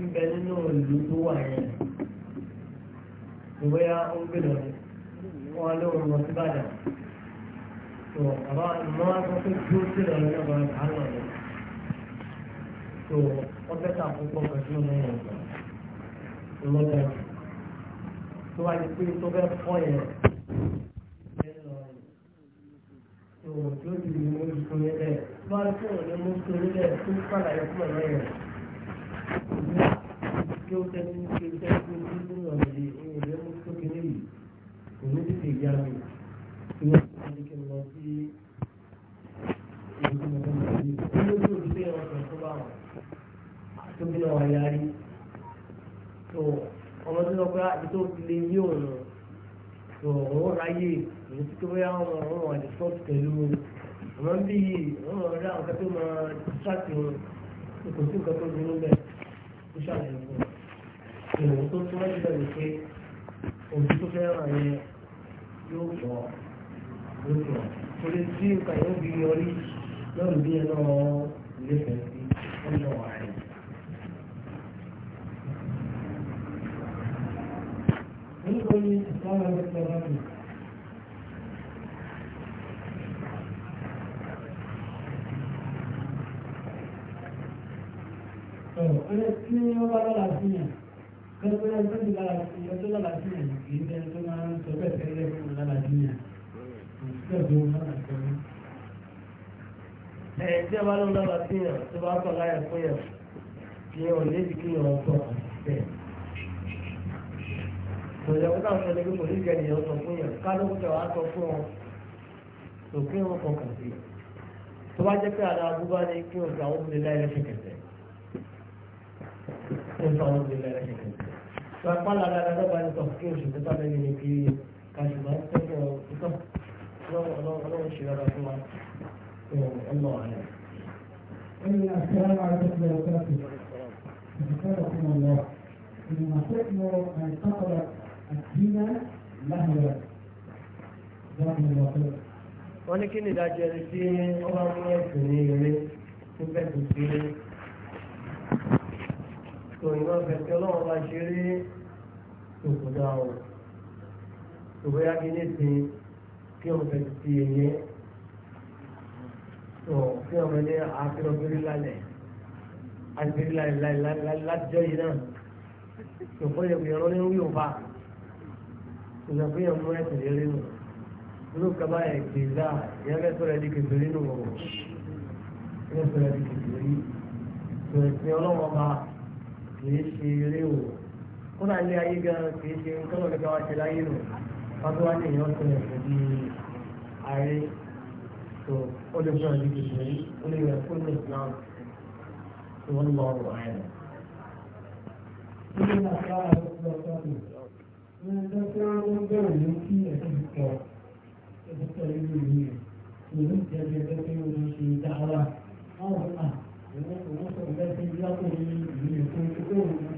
ń bẹ nínú ìlú tó wà yẹn ìwéyà ó ń gbé lọ́dẹ wọn lóun lọ sí bàdà tó àbá ìmọ̀ àtúntò dúró sí lọ́dẹ náà wọn kà á lọ́dẹ tó wọ́n fẹ́ kà púpọ̀ pẹ̀lú ọmọ yẹn lọ́dẹ tó wáyé pé tó fẹ́ fọ́ yẹn tó tó ti di mú ìfún yẹn bẹ́ẹ̀ tó wáyé pé òun ni mú ìfún yẹn bẹ́ẹ̀ tó kàlàyé fún ọ̀nà yẹn. Kí o tẹ́ ní kí o tẹ́ ní kí o tẹ́ ní ọ̀nà yìí ìyá mi ìwé ìdíkẹ́ lọ sí ìlú mọ́tò nìyí tí ó yóò gbé ọkọ̀ tó bá wọn tó bí wọn yarí tó ọmọ tó lọ pé àdìtò lè yí òun tó òun ráyè èyí tó bóyá wọn wọn wọn àdìtò pẹ̀lú ọmọ bí yìí wọn wọn rí àwọn kẹtọ máa ṣáàtì wọn kò sí nǹkan tó yóò pọ̀ yóò torí tí nǹkan yóò yọrí lọ́rù bí ẹ̀rọ lẹ́fẹ̀ẹ́ sí ọ̀nà ààrẹ. nítorí lára ẹgbẹ́ lábẹ́ Ọ̀rẹ́ tí ó bá lọ́la sí yàn pẹ́pẹ́ ẹgbẹ́ ti lára sí ẹjọ́ lára sí ẹ̀yìn kì í bẹ́ẹ̀ tó máa ń sọ bẹ́ẹ̀ tẹ́lẹ̀ fún lára sí ẹ̀yìn ìṣẹ́jú lára sí ẹ̀yìn. ẹ̀ tí a bá lóun lára sí ẹ̀yìn tó bá kọ̀ láyà fún yẹn kí ẹ̀ ò lè di kí ọ̀rọ̀ tọ̀ bẹ́ẹ̀. Tòjọ́ kó táwọn sọ̀rọ̀ gbogbo nígbà ni ọ̀sọ̀ gba pálá dáadáa lọ́gbà ní tọ̀kí oṣù tó bá lẹ́yìn ní kí kàṣùmá tẹ́kẹ̀ ọ̀tọ̀ ọlọ́run ṣe rárá fún wa ọlọ́ àlẹ́. Ẹni àṣírá àdúgbò ọ̀gá ti ìdíkàrọ̀ fún ọ̀lọ́. Ìmọ̀tẹ́kùn àìsàkọ̀rọ̀ àdínà láhùrẹ̀. Wọ́n ní kí ni ìdájọ́ ẹni tí wọ́n bá mú ẹ̀sìn ní ilé tó bẹ́ẹ̀ tó ṣe é. Kò ní wọ́n fẹ́ kí ọlọ́run bá ṣe rí tó kò dá o tòwé agídé ti kí wọn fẹ́ ti yẹ tó kí wọn fẹ́ ní àfihàn bírí lálẹ́ àbírí lálẹ́ lájọ́ yìí náà tó kọ́ yẹ kò yẹ lọ́ní wí òfa tó yẹ kó yẹ mú ẹsẹ̀ lérí nù ló kaba yẹ gbèdá yẹ kẹ́ sọ̀rọ̀ ẹ̀dí kẹfẹ́ nínú wọ̀ yẹ sọ̀rọ̀ ẹ̀dí kẹfẹ́ rí tòwé fi ọlọ́wọ́ ma kì í ṣe eré wò kódà ilé ayé gan kì í ṣe nǹkan lọ́dọ̀ gáwá ṣe láyé nù wájú ní èèyàn tó yẹ fún bí ààrẹ tó ó lè fún ọdún tuntun yìí ó lè yẹ fún ní islam tó wọ́n lọ ọ̀rọ̀ ààrẹ. Ilé ìgbà tó wà lọ́sọ̀rọ̀ ní ọjọ́ tó ń bẹ̀rẹ̀ ní kí ẹ̀sìn pọ̀ ẹ̀sìn pọ̀ nínú ìlú rẹ̀ ìlú ìjẹ́jẹ́ tó fi ń ṣe dáhàrà. Wọ́n wọ́n à ìwọ́n sọ̀rọ̀ ní ìlú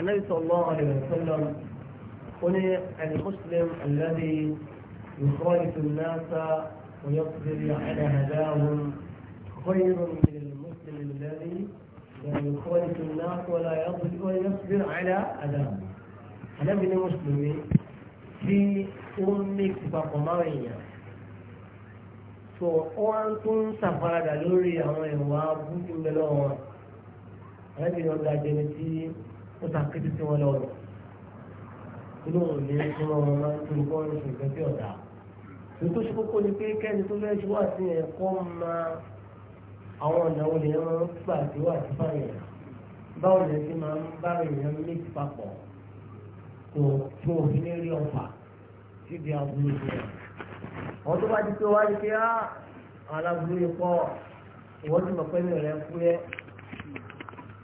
النبي صلى الله عليه وسلم قل المسلم الذي يخالف الناس ويقدر على هداهم خير من المسلم الذي لا يخالف الناس ولا يصبر على هداهم أنا من المسلمين في أمك فقمرية so wọ́n tún ṣàfaradà lórí àwọn ìwà abúlé lọ́wọ́ ẹ̀ẹ́dì ọ̀gá jẹ́ni tí ó ta kété sí wọn lọ́rùn olóhùn ní kí wọ́n wọn máa ń tó nǹkan ọ̀rọ̀ ṣe ìgbẹ́ sí ọ̀dà ní tó kókó ni pé kẹ́ni tó fẹ́ ṣe wá sí ẹ̀kọ́ máa àwọn ọ̀nà wo lè máa ń gbà sí wá sí báyìí báwo lè ti máa ń bá èèyàn méjì papọ̀ kò tó òfin rí ọ̀fà síbi àbúrò rẹ̀ wọ́n tó bá ti pé wá ní pé á ah, aláburú yìí pọ̀ ìwọ́n ti mọ̀ pẹ́ mi rẹ̀ fúyẹ́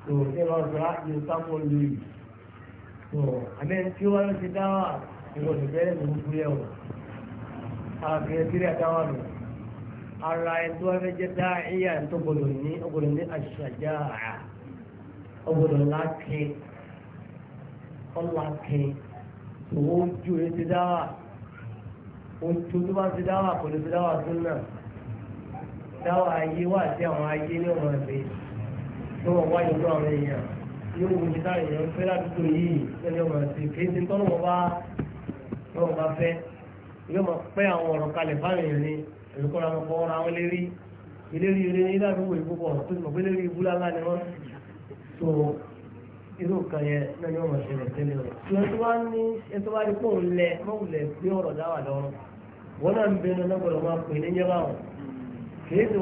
tó ṣe máa sọ yóò sáfọ́ lórí tó àmì tí wọ́n ti dáwà ìwọ̀n tó bẹ́ẹ̀ ló ń fún yẹ̀ wọ̀ àfihàn sírí àdáwà mi ara ẹ̀ tó wáyé jẹ́ dá ìyá tó gbọdọ̀ ní ọgbọdọ̀ ní àṣàjá ọgbọdọ̀ láti ọláki owó ojú ẹ ti dáwà ojú tó bá ti dáwà kò lè fi dáwà tó náà dáwà ayé wà sí àwọn ayé ní ọmọ ẹgbẹ́ yìí tó wọ́n wáyé fún àwọn èèyàn yóò wù mí táwọn èèyàn fẹ́ ládùúgbò yìí lẹ́nu ọmọ ẹ̀sìn kì í ti tọ́nù wọn bá wọn bá fẹ́ yóò máa pẹ́ àwọn ọ̀rọ̀ kalẹ̀ fáwọn èèyàn ni èlùkọ́ra wọn kọ́ ra wọn lérí ìlérí ilé ní ládùúgbò yìí púpọ̀ tó ti mọ̀ pé lérí ibú lálá ni wọ́n so irú kan yẹn náà ni wọ́n máa tẹ́lẹ̀ rẹ̀ tí tó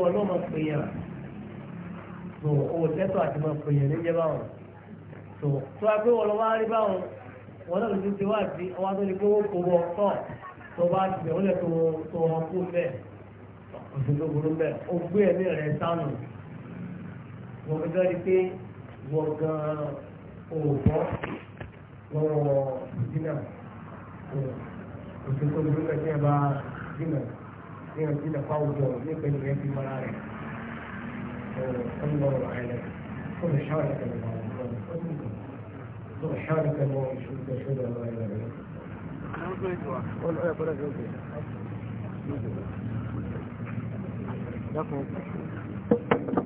wá ní ẹtọ́ so o lẹ́tọ̀ àti máa pè yẹn níjẹ́ báwọn so tó a pé wọ́n wá rí báwọn wọ́n náà lójú ti wá sí ọwá tó ní pé kó bọ́ tọ̀ tó bá ti bẹ̀ wọ́n lẹ̀ tó wọn kú bẹ́ẹ̀ òṣèlú tó burú bẹ́ẹ̀ o gbé ẹ̀mí rẹ̀ sánù wọ́n fi gbọ́ pé wọ́n gan-an òòbọ́ lọ́wọ́ dínà òṣèlú tó burú bẹ́ẹ̀ kí ẹ bá dínà kí ẹ dínà fáwùjọ nípa ìrẹsì mara rẹ̀. الله أعلم Thank you.